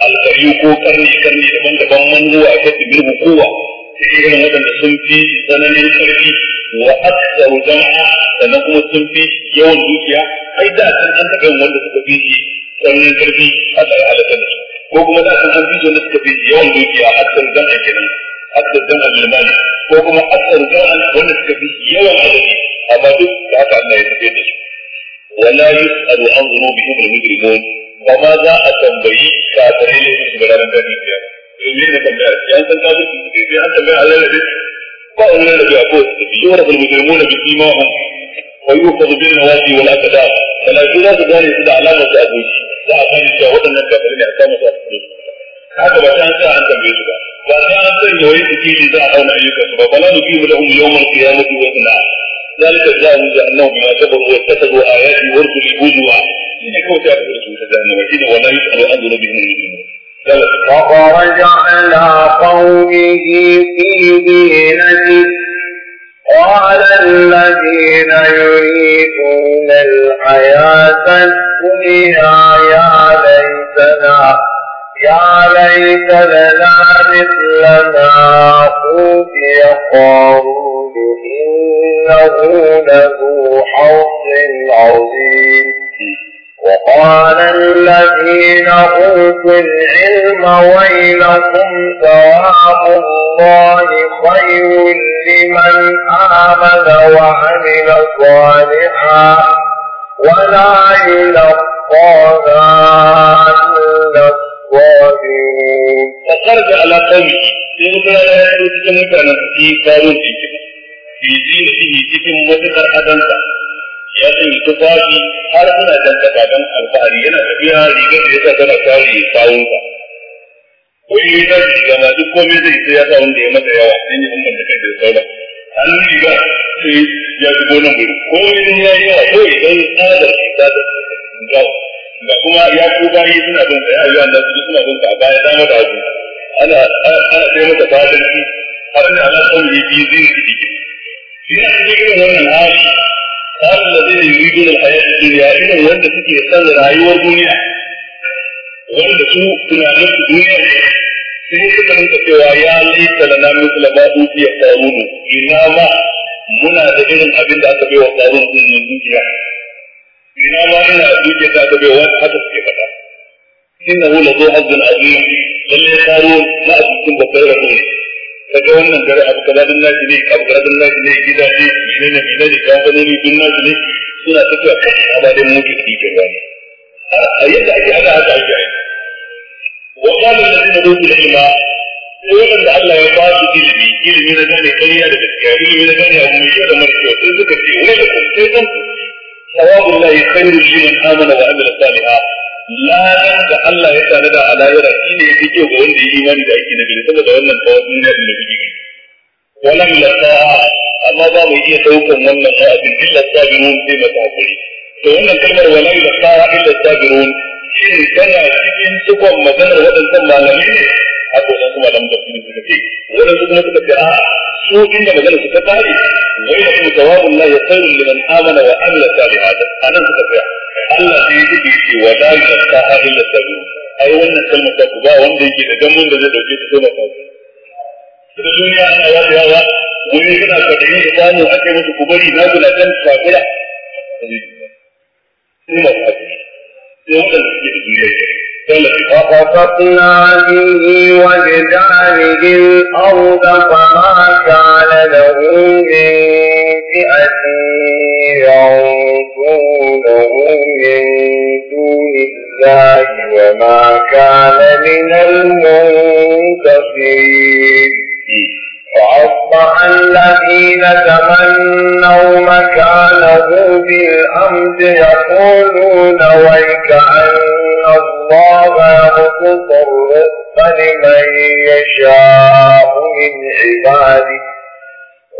al-qaryu ko karni karni daban-daban man zuwa kasu bilhu kowa cikin irin waɗanda sun fi tsananin ƙarfi wa aksaru jama'a sannan kuma sun fi yawan dukiya ai da sun an taɓa wanda suka fi shi tsananin ƙarfi a tsaye halaka su ko kuma da sun an fi wanda suka fi yawan dukiya aksaru jama'a kenan aksaru jama'a bilmani ko kuma aksaru jama'a wanda suka fi yawan adadi amma duk da haka Allah ya tafi da su ولا يسأل عن ذنوبهم المجرمون وما ذا أتنبئي كافرين لهم بلا من ذلك ne ne tambayar ya san ka zuci ne sai an tambaya Allah da ba Allah da ya ko yura al mujrimuna bi simahum wa yuqadu bil nawasi wal aqdar kana ji za su gane su da alamar da abuci za a san cewa waɗannan kafirai ne a samu su a cikin haka ba san sai an tambaye su ba ba sai an san yayi su ji za a auna ayyukan su ba bala nu bihi lahum yawmal qiyamati wa inna ذلك جزاهم بانهم بما كفروا واتخذوا اياتي ورسلي هزوا. شنو كوتا ورسول جهنم ولا يسال عن ذنوبهم المجرمون. فخرج على قومه في دينته قال الذين يريدون الحياة الدنيا يا ليتنا يا ليت لنا مثل ما أوتي قارون إنه له حظ عظيم وقال الذين أوتوا العلم ويلكم ثواب الله خير لمن آمن وعمل صالحا ولا يلقاها إلا الصابرين. فخرج على قومه سيدنا لا يدرك كلمة في كارون في زينته في متكر أدنته ya sanya tufafi har muna dangata don alfahari yana tafiya rigar da ya sa tana kare kawunsa wani ya tafi riga ma duk komai zai sai ya sa wanda ya masa yawa don ya umar da kai da sauran an riga sai ya shigo nan gudu komai zai ya yi yawa ko idan tsadar shi ta da gawa ga kuma ya ko bayi suna bin sa ya yi wanda su suna bin sa a baya dama da hagu ana ana sai masa fadanci har da ana son ya biyu zai su jiki. Ina cikin wannan hali قال الذين يريدون الحياة الدنيا إن وند سكي يسال رأيوة الدنيا وند سو تنانيك الدنيا sai suka rinka cewa ya laita lana misal ma dukiya qarunu ina ma muna da irin abin aka bai wa qarun din nan dukiya ina ma ina dukiya da aka bai wa haka suke cikin babbar Ka kaga wannan dare abu kaza din nashi ne abu kaza din nashi ne gida ne ne ne ne ne kamfanoni din nashi ne suna tafiya kai amma dai mutu ki ke gani a yadda ake hada haka ake yi wa qala alladhina utul ilma sai da Allah ya ba su ilimi ilimi na gane kariya da gaskiya ilimi na gane abu mai kyau da mara kyau sai suka ce wai da kun sai kan sawabul lahi shi ne amana wa Amina salihah ladan da Allah ya tare da alayira shi ne yake kyau ga wanda ya yi imani da aiki na gari saboda wannan tsawon ne da kuke gani walam lasa amma ba mu iya daukan wannan a abin illa sabirun sai mata hakuri to wannan kalmar walam lasa illa sabirun shin tana cikin cikon maganar waɗansan malamai ne a to kuma kuma da mutum suka ce wannan su kuma suka ce a su inda magana su ta tare wai da kuma jawabun la ya khairul liman amana wa amila salihan anan suka tsaya Allah sai yake yake wa la yasaha da sabu ai wannan kalmar ta ba wanda yake da gamin da zai dauke ta sai ba ta da duniya ana yawa yawa wani kana kwadayin da samu a kai musu kubari na gula kan sakura sai ma ta sai wanda suke da duniya وقصفنا به وبداره الأرض فما كان له من فئة ينصرونه من دون الله وما كان من المنتصرين فأصبح الذين تمنوا مكانه بالأمس يقولون ويك أن الله الله يبسط الرزق لمن يشاء من عباده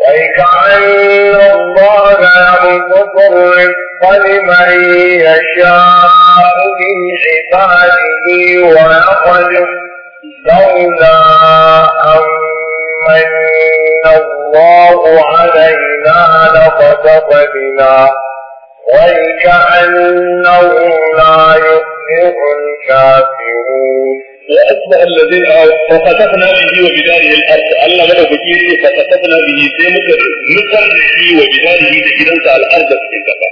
ويجعل الله يبسط الرزق لمن يشاء من عباده ويقدر لولا أن الله علينا لقد بنا ويكأنهم لا يؤمن الكافرون وأصبح الذين فخسفنا به وبداره الأرض ألا لو بكيري فخسفنا به سيمك نكر به وبداره تجدنك الأرض في كفا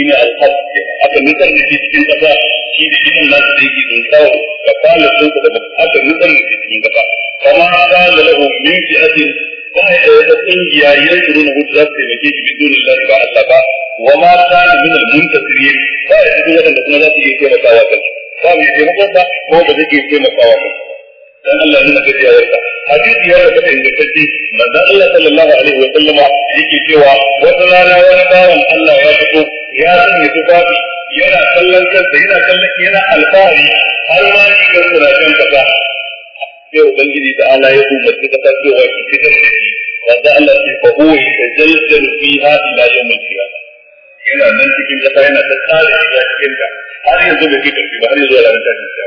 إن الخط أكا نكر به في كفا في جدن الناس تيجي تنساو فقال السوق أكا نكر به في كفا فما قال له من فئة wata kungiya ya shuru na hutu za su taimake shi bin dunin lafi ba Allah ba wa ma ta ni min al-muntasiri ba ya duk wadanda kuma za su iya taimakawa kan ba mai taimakon ba ko ba zai iya taimakawa kan dan Allah nuna gajiyarsa hadisi ya tabbata ingantacce manzon Allah sallallahu alaihi wa sallama yake cewa wata rana wani bawan Allah ya fito ya sanya tufafi yana kallon kansa yana kallon yana alfahari har ma shi kan kurajen kasa sai ubangiji ta ala ya umarci kasa cewa ki fitar da shi wanda Allah ke fa huwa yatajaljalu fiha ila yawm al-qiyamah yana nan cikin kasa yana ta tsare ya cikin ta har yanzu bai kai ba har yanzu ranar ta ci ta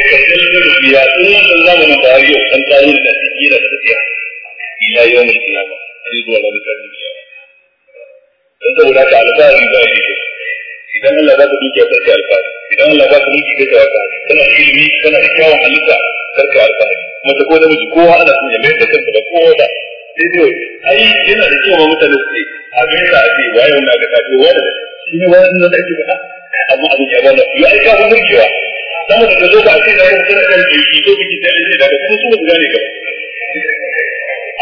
yatajaljalu fiha tun wannan zamanin da har yau kan tsare da cikin da tafiya ila yawm al-qiyamah har yanzu ranar ta ci ta dan saboda ka alfahari ba yake idan Allah za ka a karka alfahari idan Allah za ka mulki a ka alfahari, kana ilimi kana da kyawun halitta karka alfahari mata ko namiji ana son ya mayar da kansa da kowa da sai dai ai yana da kyau ma mutane su ce a ga yadda a ce waye wanda tafi waye da shi ne waye da ake faɗa amma abin ya bada yi ai kafin burkewa sama da zo ba a da yau sai da ke ko biki da ne daga kuma su ba gane gaba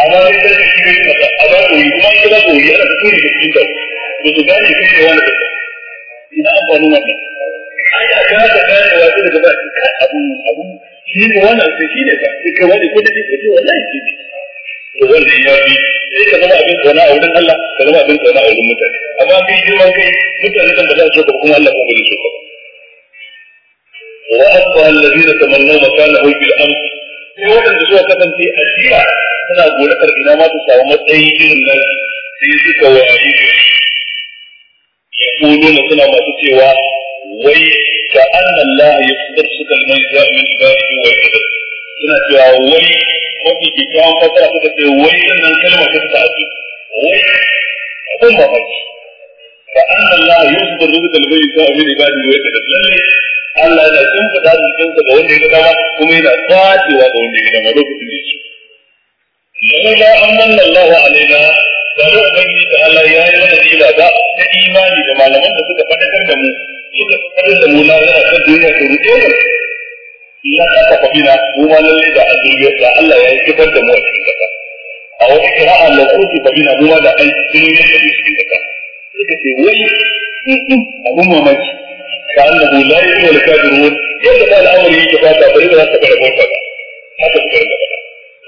amma sai da shi ne ka a ba ko kuma ka da ko yana da kuma cikin ta to gane shi ne wani da ina amfani wannan ai a ka ta gane wa daga ba shi ka abu abu shi ne wannan sai shi ne ba sai kai wani kudi ne kace wallahi shi ne to wannan ya bi sai ka zama abin tsona a wurin Allah ka zama abin tsona a wurin mutane amma bi girman kai mutane kan ba za su so kuma Allah ko ba zai so ka wa asbaha alladhina tamannaw makanahu bil amsi sai waɗanda suka kasance a jiya suna gonakar ina ma su samu matsayi irin nan sai suka wayi ya kuno suna masu cewa wai ka annan Allah ya fitar su kalmar jami'in ibadu wai ka suna cewa wai mafi kyakkyawan fasara suka ce wai wannan kalmar ta ta ake wai abin ba haka ka annan Allah ya fitar su kalmar jami'in ibadu wai ka lalle Allah yana cin fata da cin ga wanda ya gaba kuma yana kwacewa ga wanda ya gaba lokacin da ya ci. Lula amman Allah wa alaina bari Ubangiji ta Allah ya yi wani lila ba ta imani da malaman da suka faɗaɗar da mu da fitar da muna yana ta duniya ta rufe mu na kafa kwafina mu ma lalle da azurbe da Allah ya yi fitar da mu a cikin kasa a wata kira'a na kofi kwafina mu ma da an duniya ta rufe cikin kasa suka ce wai abun mamaki ka annabu la yi kuma da kafirun yadda ta al'amari yake fata bari ba za ta karɓar ta ba haka suka rinka fata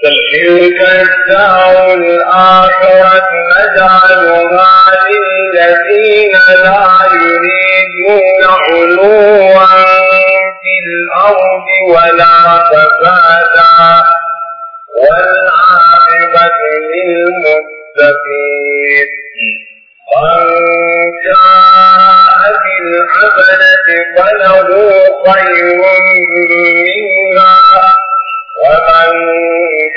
تلك الدار الآخرة نجعلها للذين لا يريدون علوا في الأرض ولا فسادا والعاقبة للمتقين من جاء بالحسنة فله خير منها ومن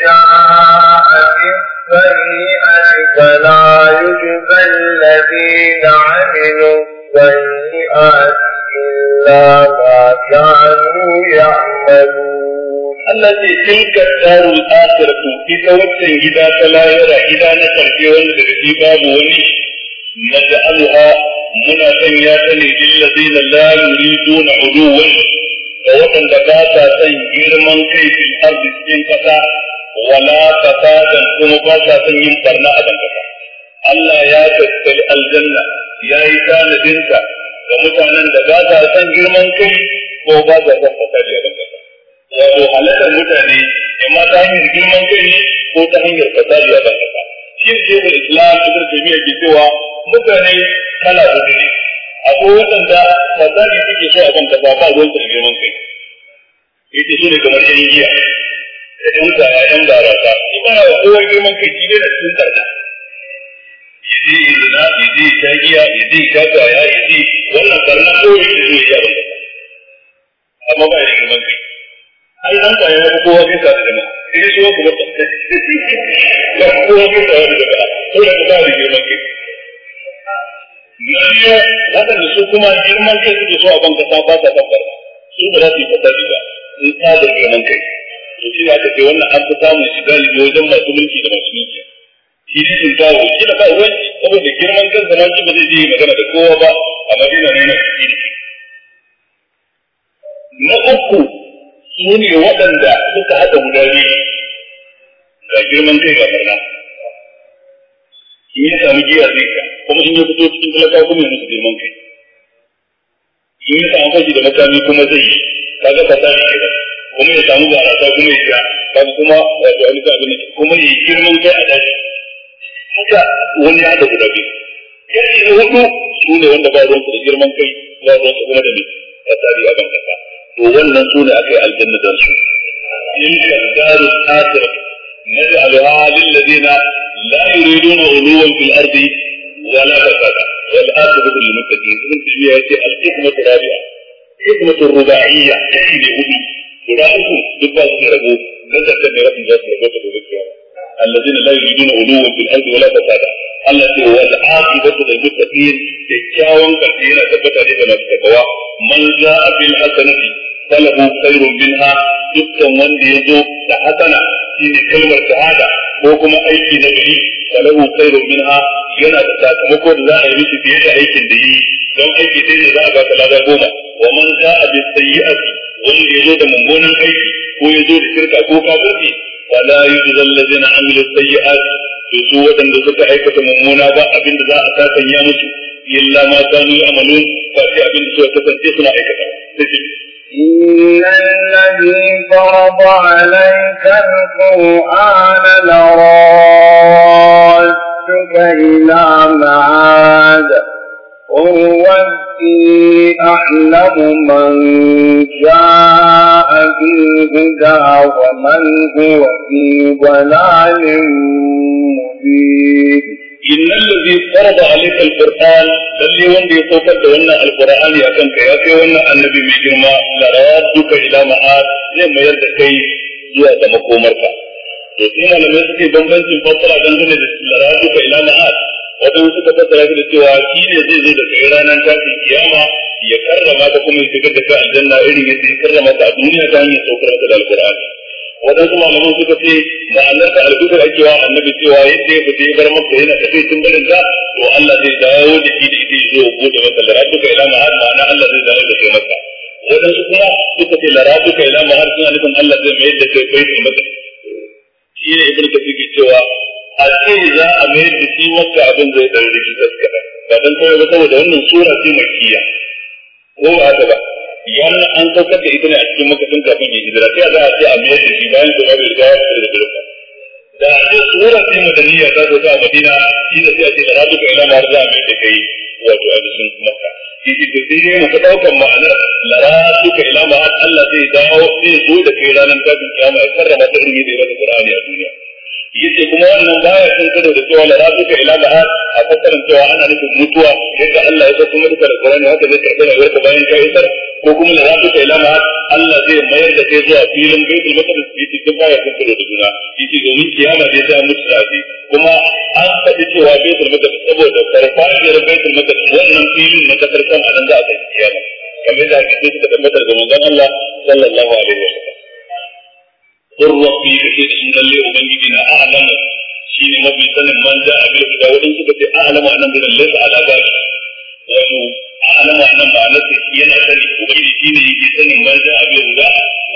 جاء بالسيئة فلا يجزى الذين عملوا السيئات إلا ما كانوا يعملون التي تلك الدار الآخرة في توسل إذا فلا يرى إذا نترك في باب ونشر نجعلها منى سنياتا للذين لا يريدون علوا da waɗanda ba sa son girman kai fil ardi cikin kasa wala fasadan kuma ba sa son yin barna a kasa Allah ya tattali aljanna ya yi tanadinta ga mutanen da ba sa son girman kai ko ba sa son fasadi a kasa wato halittar mutane in ma ta hanyar girman kai ne ko ta hanyar fasadi a kasa shi ne Islam Ibn Taymiyyah ke cewa mutane kala hudu ne akwai waɗanda fasadi suke so a kan kasa ba ruwan su da girman kai yace su ne kamar yan giya da yan zara yan zara ta su ba wa kowa girman kai shi ne da cikin tsarda yaji izina yaji ta giya yaji ta kwaya yaji wannan karnan kowa yake so ya yi amma ba ya da girman kai ai dan kwaya ya fi kowa sai sa da jama'a sai su wasu lokacin da kowa sai sa da jama'a ko da ba da girman kai na biyu waɗanda su kuma girman kai suke so a banka ta ba ta tabbar su ba za su yi fasari ba sun tsada girman kai to shi ne aka ce wannan an fi samun shi galibi wajen masu mulki da masu mulki shi ne sun kawo kila ba ruwan saboda girman kansa na shi ba zai je magana da kowa ba a madina ne na shi na uku su ne waɗanda suka haɗa guda biyu ga girman kai ga barna in ya samu giya zai ka kuma in ya fito cikin talaka kuma ya musu girman kai in ya samu fashi da makami kuma zai yi kaga fasari ke ba kuma ya samu barasa kuma ya sha kaga kuma wato an ka abin kuma ya girman kai a daji haka wani hada guda biyu kashi na hudu su ne wanda ba ruwansu da girman kai ba ruwansu kuma da mai fasari a kan kasa to wannan su ne aka yi aljanna don su تلك الدار da نجعلها للذين لا يريدون علوا في الأرض ولا فساد والعاقبة للمتقين ابن تيمية يأتي الحكمة الرابعة حكمة الرباعية تأتي لأولي أولئك بالباس يرجو نزل كم يرجو ذات الرجوة بالكيامة الذين لا يريدون علوا في الأرض ولا فسادا التي والعاقبة للمتقين تجاوى كثيرا ثبت عليها ما تتقوى من جاء بالحسنة فله خير منها دكا من يزوق حسنة shine kalmar shahada ko kuma aiki na gari da lahu khairun minha yana da sakamako da za a yi miki fiye da aikin da yi don aiki sai ne za a ba ta lada goma wa man za'a bi sayyi'ati wanda ya zo da mummunan aiki ko ya zo da shirka ko kafirci fala yujza allazina amilu sayyi'at to su wadanda suka aikata mummuna ba abin da za a sakanya musu illa ma kanu ya'malun ba sai abinda da suka kasance suna aikata إن الذي فرض عليك القرآن لرادك إلى معاد قل ربي أعلم من جاء بالهدى ومن هو في ضلال مبين innal ladhi farada alayka alquran lalle wanda ya saukar da wannan alqur'ani akan ka ya kai wannan annabi mai girma la rawaduka ila ma'ad zai mayar da kai zuwa ga makomarka to sai malamai suke bambancin fassara dangane da la rawaduka ila ma'ad wajen suka fassara shi da cewa shi ne zai zo da kai ranar tashin kiyama ya karrama ta kuma ya shigar da ka aljanna irin yadda ya karrama ta a duniya ta hanyar saukar da alqur'ani waɗansu malaman suka ce da annarka alkutar ake wa annabi cewa yadda ya fita ya bar maka yana tafi tun barin ta to Allah zai dawo da shi da ita ya zo bude masa laratuka ila ma'ar ma'ana Allah zai dawo da kai maka waɗansu kuma suka ce laratuka ila ma'ar suna nufin Allah zai mayar da kai kai da maka shi ne ibn kafir ke cewa a ce za a mayar da shi maka abin zai ɗan rigi kaskada ba dan kawai ba saboda wannan sura ce makiya ko ba haka ba yar an saukar da ita ne a cikin makafin kafin ya hijira sai a za a ce a biyar da shi bayan shugaba bai riga ya fita da birnin da a ce sura sai madaniya ta zo ta madina shi da sai a ce da rabu kai lamar za a mai da kai wato a jisun makka shi shi da sai mu ka daukan ma'anar laratu kai lamar Allah zai dawo zai zo da kai ranar kafin kiyama ya karrama ta ilimi da ibada Qur'ani a duniya yace kuma wannan baya sun kada da cewa la suka ila da a fasarin cewa ana nufin mutuwa yadda Allah ya so kuma duka da Qur'ani haka zai karɓi rayuwar ka bayan ka isar ko kuma la kai lama Allah zai mayar da kai zuwa filin baitul maqdis yi cikin baya kuma da juna yace domin kiyama dai ta kuma an faɗi cewa baitul maqdis saboda farfajiyar baitul maqdis wannan filin na kasar kan anan za a kiyama kamar da ake cikin tabbatar da manzon Allah sallallahu alaihi wasallam qur rabbi kace in lalle ubangiji na a'lamu shine mafi sanin man a abin da wadin suka ce a'lamu anan da ala baki wato alama nan ba na sai yana sani ubangiji shi ne yake sanin da abin guda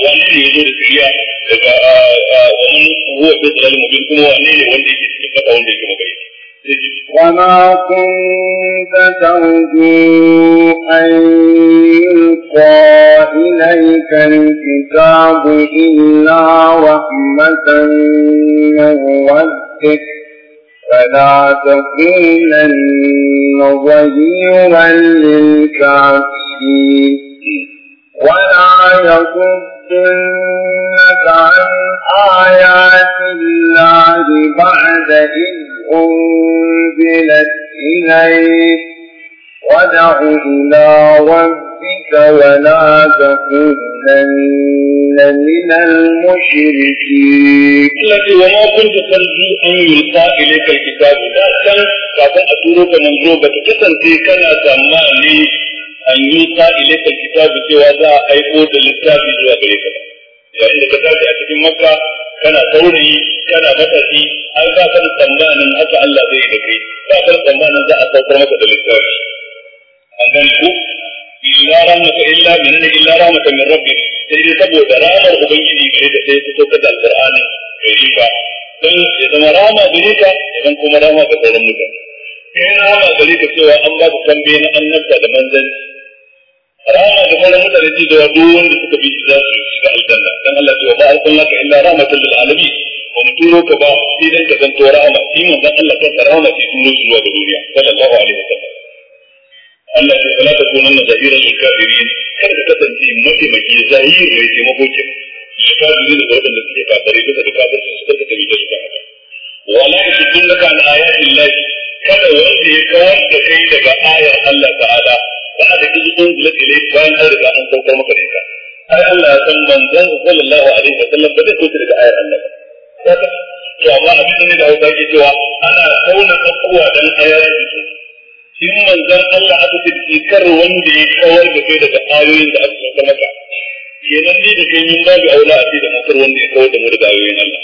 wani ne yazo da kiriya daga wani ruwa da tsarin mubin kuma wani ne wanda yake cikin kasa wanda yake magana وما كنت ترجو أن يلقى إليك الكتاب إلا رحمة من ربك فلا تكونن ظهيرا للكافرين ولا يصدنك عن آيات الله بعد إذ أنزلت إليك ودع إلى ربك ولا تكن تكونن من المشركين التي وما كنت ترجو أن يلقى إليك الكتاب ذاتا كان كافن أتوروك من روبة كسنتي كان زماني أن يلقى إليك الكتاب سوى ذا أيقود للكتاب جوا غيرك يعني إذا كتابت مكة كان saurayi كان matashi an ba ka tsammanin haka Allah zai da kai ba ka tsammanin za a saukar maka da littafi illa rahmatan illa min illa rahmatan min rabbik sai dai saboda rahmar ubangiji kai da sai ta saukar da alqur'ani gari ka don ya zama rahma gari ka idan kuma rama ga sauran mutane sai rahma gari ka cewa an ba ka tambaye na annabta da manzanci rama da sauran mutane ce da duk wanda suka bi su za su shiga aljanna dan Allah ya ba arsalnaka illa rahmatan lil alamin ba mu turo ka ba sai dan ka zanto rahama shi manzon Allah kansa rahama ce turo zuwa ga duniya sallallahu alaihi wa wasallam Allah ya kula da sunan na zahiran likafirin kar ka kasance mataimaki zahir mai taimako ke likafirin da waɗanda suke kafare bisa da kafirci su karka tabi da su haka wala yasuddunaka an ayatin lahi kada wanda ya kawar da kai daga ayar Allah ta'ala ba da a da kizu unzilat ilayk bayan an riga an saukar maka da ita ai Allah ya san manzon sallallahu alaihi wasallam ba zai kauce daga ayar Allah ba to amma abin da ne da hausa ke cewa ana tauna tsakuwa dan ayar da in manzan Allah aka fi kar wanda ya kawar da kai daga ayoyin da aka sauka maka kenan ne da kan min babu aula a ce da masar wanda ya kawar da mu daga ayoyin Allah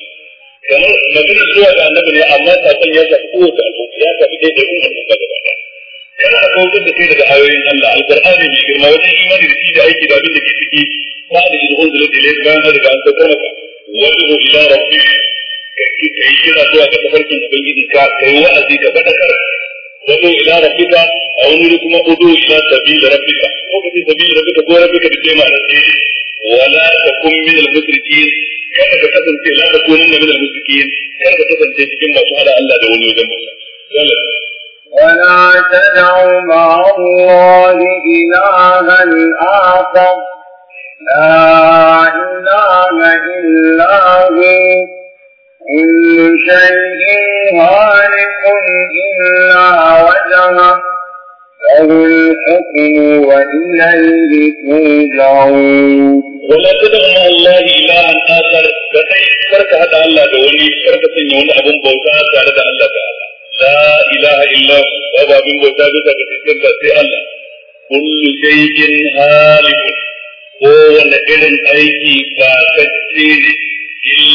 kamar magana zuwa ga annabi ne amma sakon ya shafi kowace al'umma ya shafi dai da kun al'umma gaba ɗaya kana kawar da kai daga ayoyin Allah alqur'ani mai girma wajen imani da shi da aiki da abin da ke ciki ba da idan unzila ilayka bayan an riga an sauka maka wadu ila rabbika kai kira zuwa ga tafarkin ubangiji ka kai wa'azi ka faɗakar wato ila rabbika a wani kuma udu ila sabili rabbika ko rabbika ko rabbika da kema da dai wala takum min al kada ka kasance la min al-mushrikin kada ka kasance cikin masu hada Allah da wani wajen dole ولا تدع مع الله إلها آخر لا إله إلا هو كل شيء هالك إلا وجهه له الحكم وإليه ترجعون ولا تدعوا مع الله إلها آخر كتي كرك هذا الله دولي كرك سنيون أبو بوتا تعالى الله تعالى لا إله إلا هو أبو بوتا بيتا كتي سي الله كل شيء هالك هو إلن أيكي فاتتيني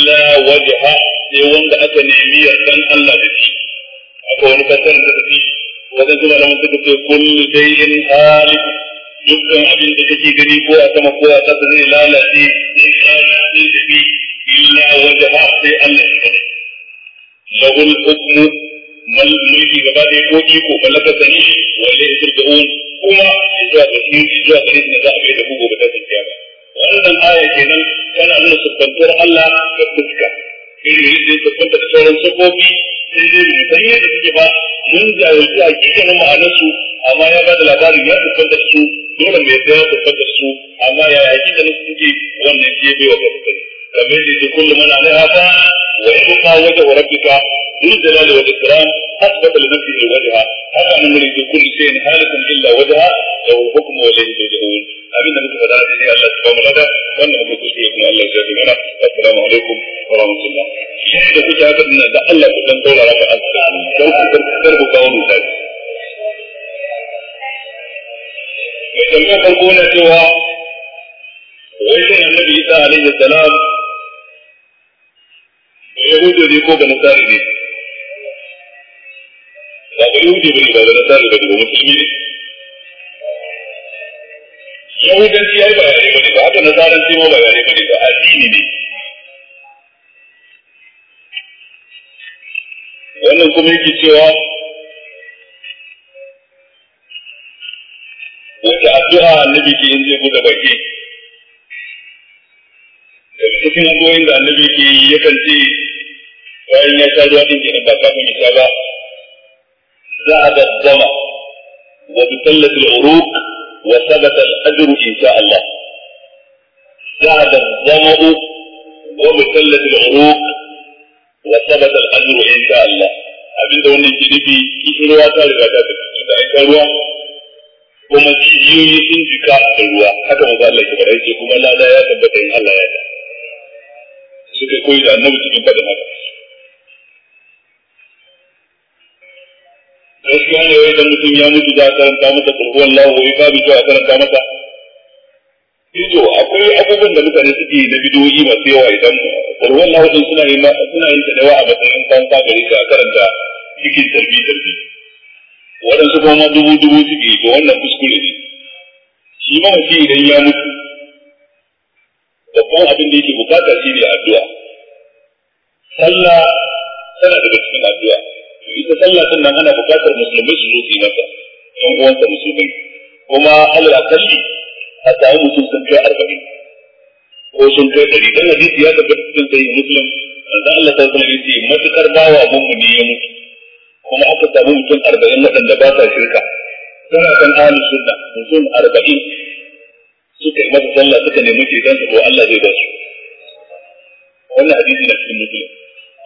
illa wajha sai wanda aka nemi san Allah da shi aka wani fasar da tafi wajen zuwa da suka ce kullu shay'in halik dukkan abin da kake gani ko a sama ko a ƙasa zai lalace zai tsaya zai tafi illa wajha sai Allah ya tafi lahul hukmu mal mulki gaba da ko iko mallaka sani wa ilayhi turja'un kuma zuwa ga shi zuwa ga ne da za a bai da bugu ba ta tsiya ba wannan aya kenan tana nuna sukkantuwar Allah da fuska irin yadda ya sukkanta da sauran sabobi sai dai mai san da suke ba mun a nan ma'anarsu amma ya ba da labarin ya sukkanta su dole mai sai ya sukkanta su amma ya da su suke wannan shi ya bai wa kafin kamar yadda kullum ana nan haka wa ibuka wajen rabbika ذو الجلال والإكرام أثبت لنفسه وجهها هذا أن نريد كل شيء هالك إلا وجهها له الحكم وإليه ترجعون أمين بك فلا أدري الله سبحانه وتعالى وأنه بكسر لكم الله جل منا السلام عليكم ورحمة الله da kuka haka nan da Allah ku dan taurara ka aska don ku karbu kawo misali mai tambayar farko na cewa wai shin annabi Isa alaihi ba ba yahudi bane ba da nasara da ba musulmi ne yahudanci ai ba yare bane ba haka nasaranci ma ba yare bane ba addini ne wannan kuma yake cewa wata addu'a annabi ke yin zai buɗe baki daga cikin addu'o'in da annabi ke yi yakan ce bayan ya sha ruwa din kenan ba kafin ya sha ba ذهب الدم وبقلت العروق وثبت الأجر إن شاء الله ذهب الظمأ وبقلت العروق وثبت الأجر إن شاء الله abinda wannan ke nufi kishin ruwa ta riga ta tafi da ita ruwa kuma jijiyoyi sun jika da ruwa haka ma ba Allah ke bada yake kuma lada ya tabbata in Allah ya ta suka koyi da annabi cikin fadin haka gaskiya ne wai idan mutum ya mutu za a karanta masa kurkuwan lawo wai babu kyau a karanta masa Ijo eh, akwai abubuwan da mutane suke na bidoyi masu yawa idan kurkuwan lawo din suna yin suna yin tadawa a matsayin fansa gari ka karanta cikin tarbi tarbi waɗansu kuma ma dubu dubu suke to wannan kuskure ne shi ma mace idan ya mutu babban abin da yake bukata shi ne addu'a sallah tana daga cikin addu'a ita sallah din nan ana buƙatar musulmi su zo su yi yan uwansa musulmi kuma Allah kalli a samu mutum sun kai arba'in ko sun kai ɗari dan hadisi ya tabbata cikin sahih muslim manzo Allah ta sanar yace matukar bawa mummuni ya mutu kuma aka samu mutum arba'in waɗanda ba sa shirka suna kan ahli sunna mutum arba'in suka yi masa sallah suka nemi ceton su ko Allah zai ba su wannan hadisi na cikin musulmi.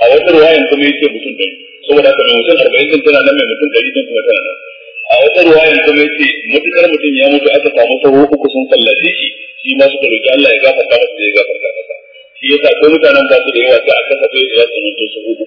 a wata ruwayan kuma ya ce mutum ɗari saboda haka mai mutum arba'in din tana nan mai mutum ɗari din kuma tana nan a wata ruwayan kuma ya ce matuƙar mutum ya mutu aka samu sahu uku sun sallace shi shi ma suka roƙi Allah ya gafarta masa da ya gafarta masa shi sa ko mutanen ba su da yawa sai a kasa ya su mutu sahu uku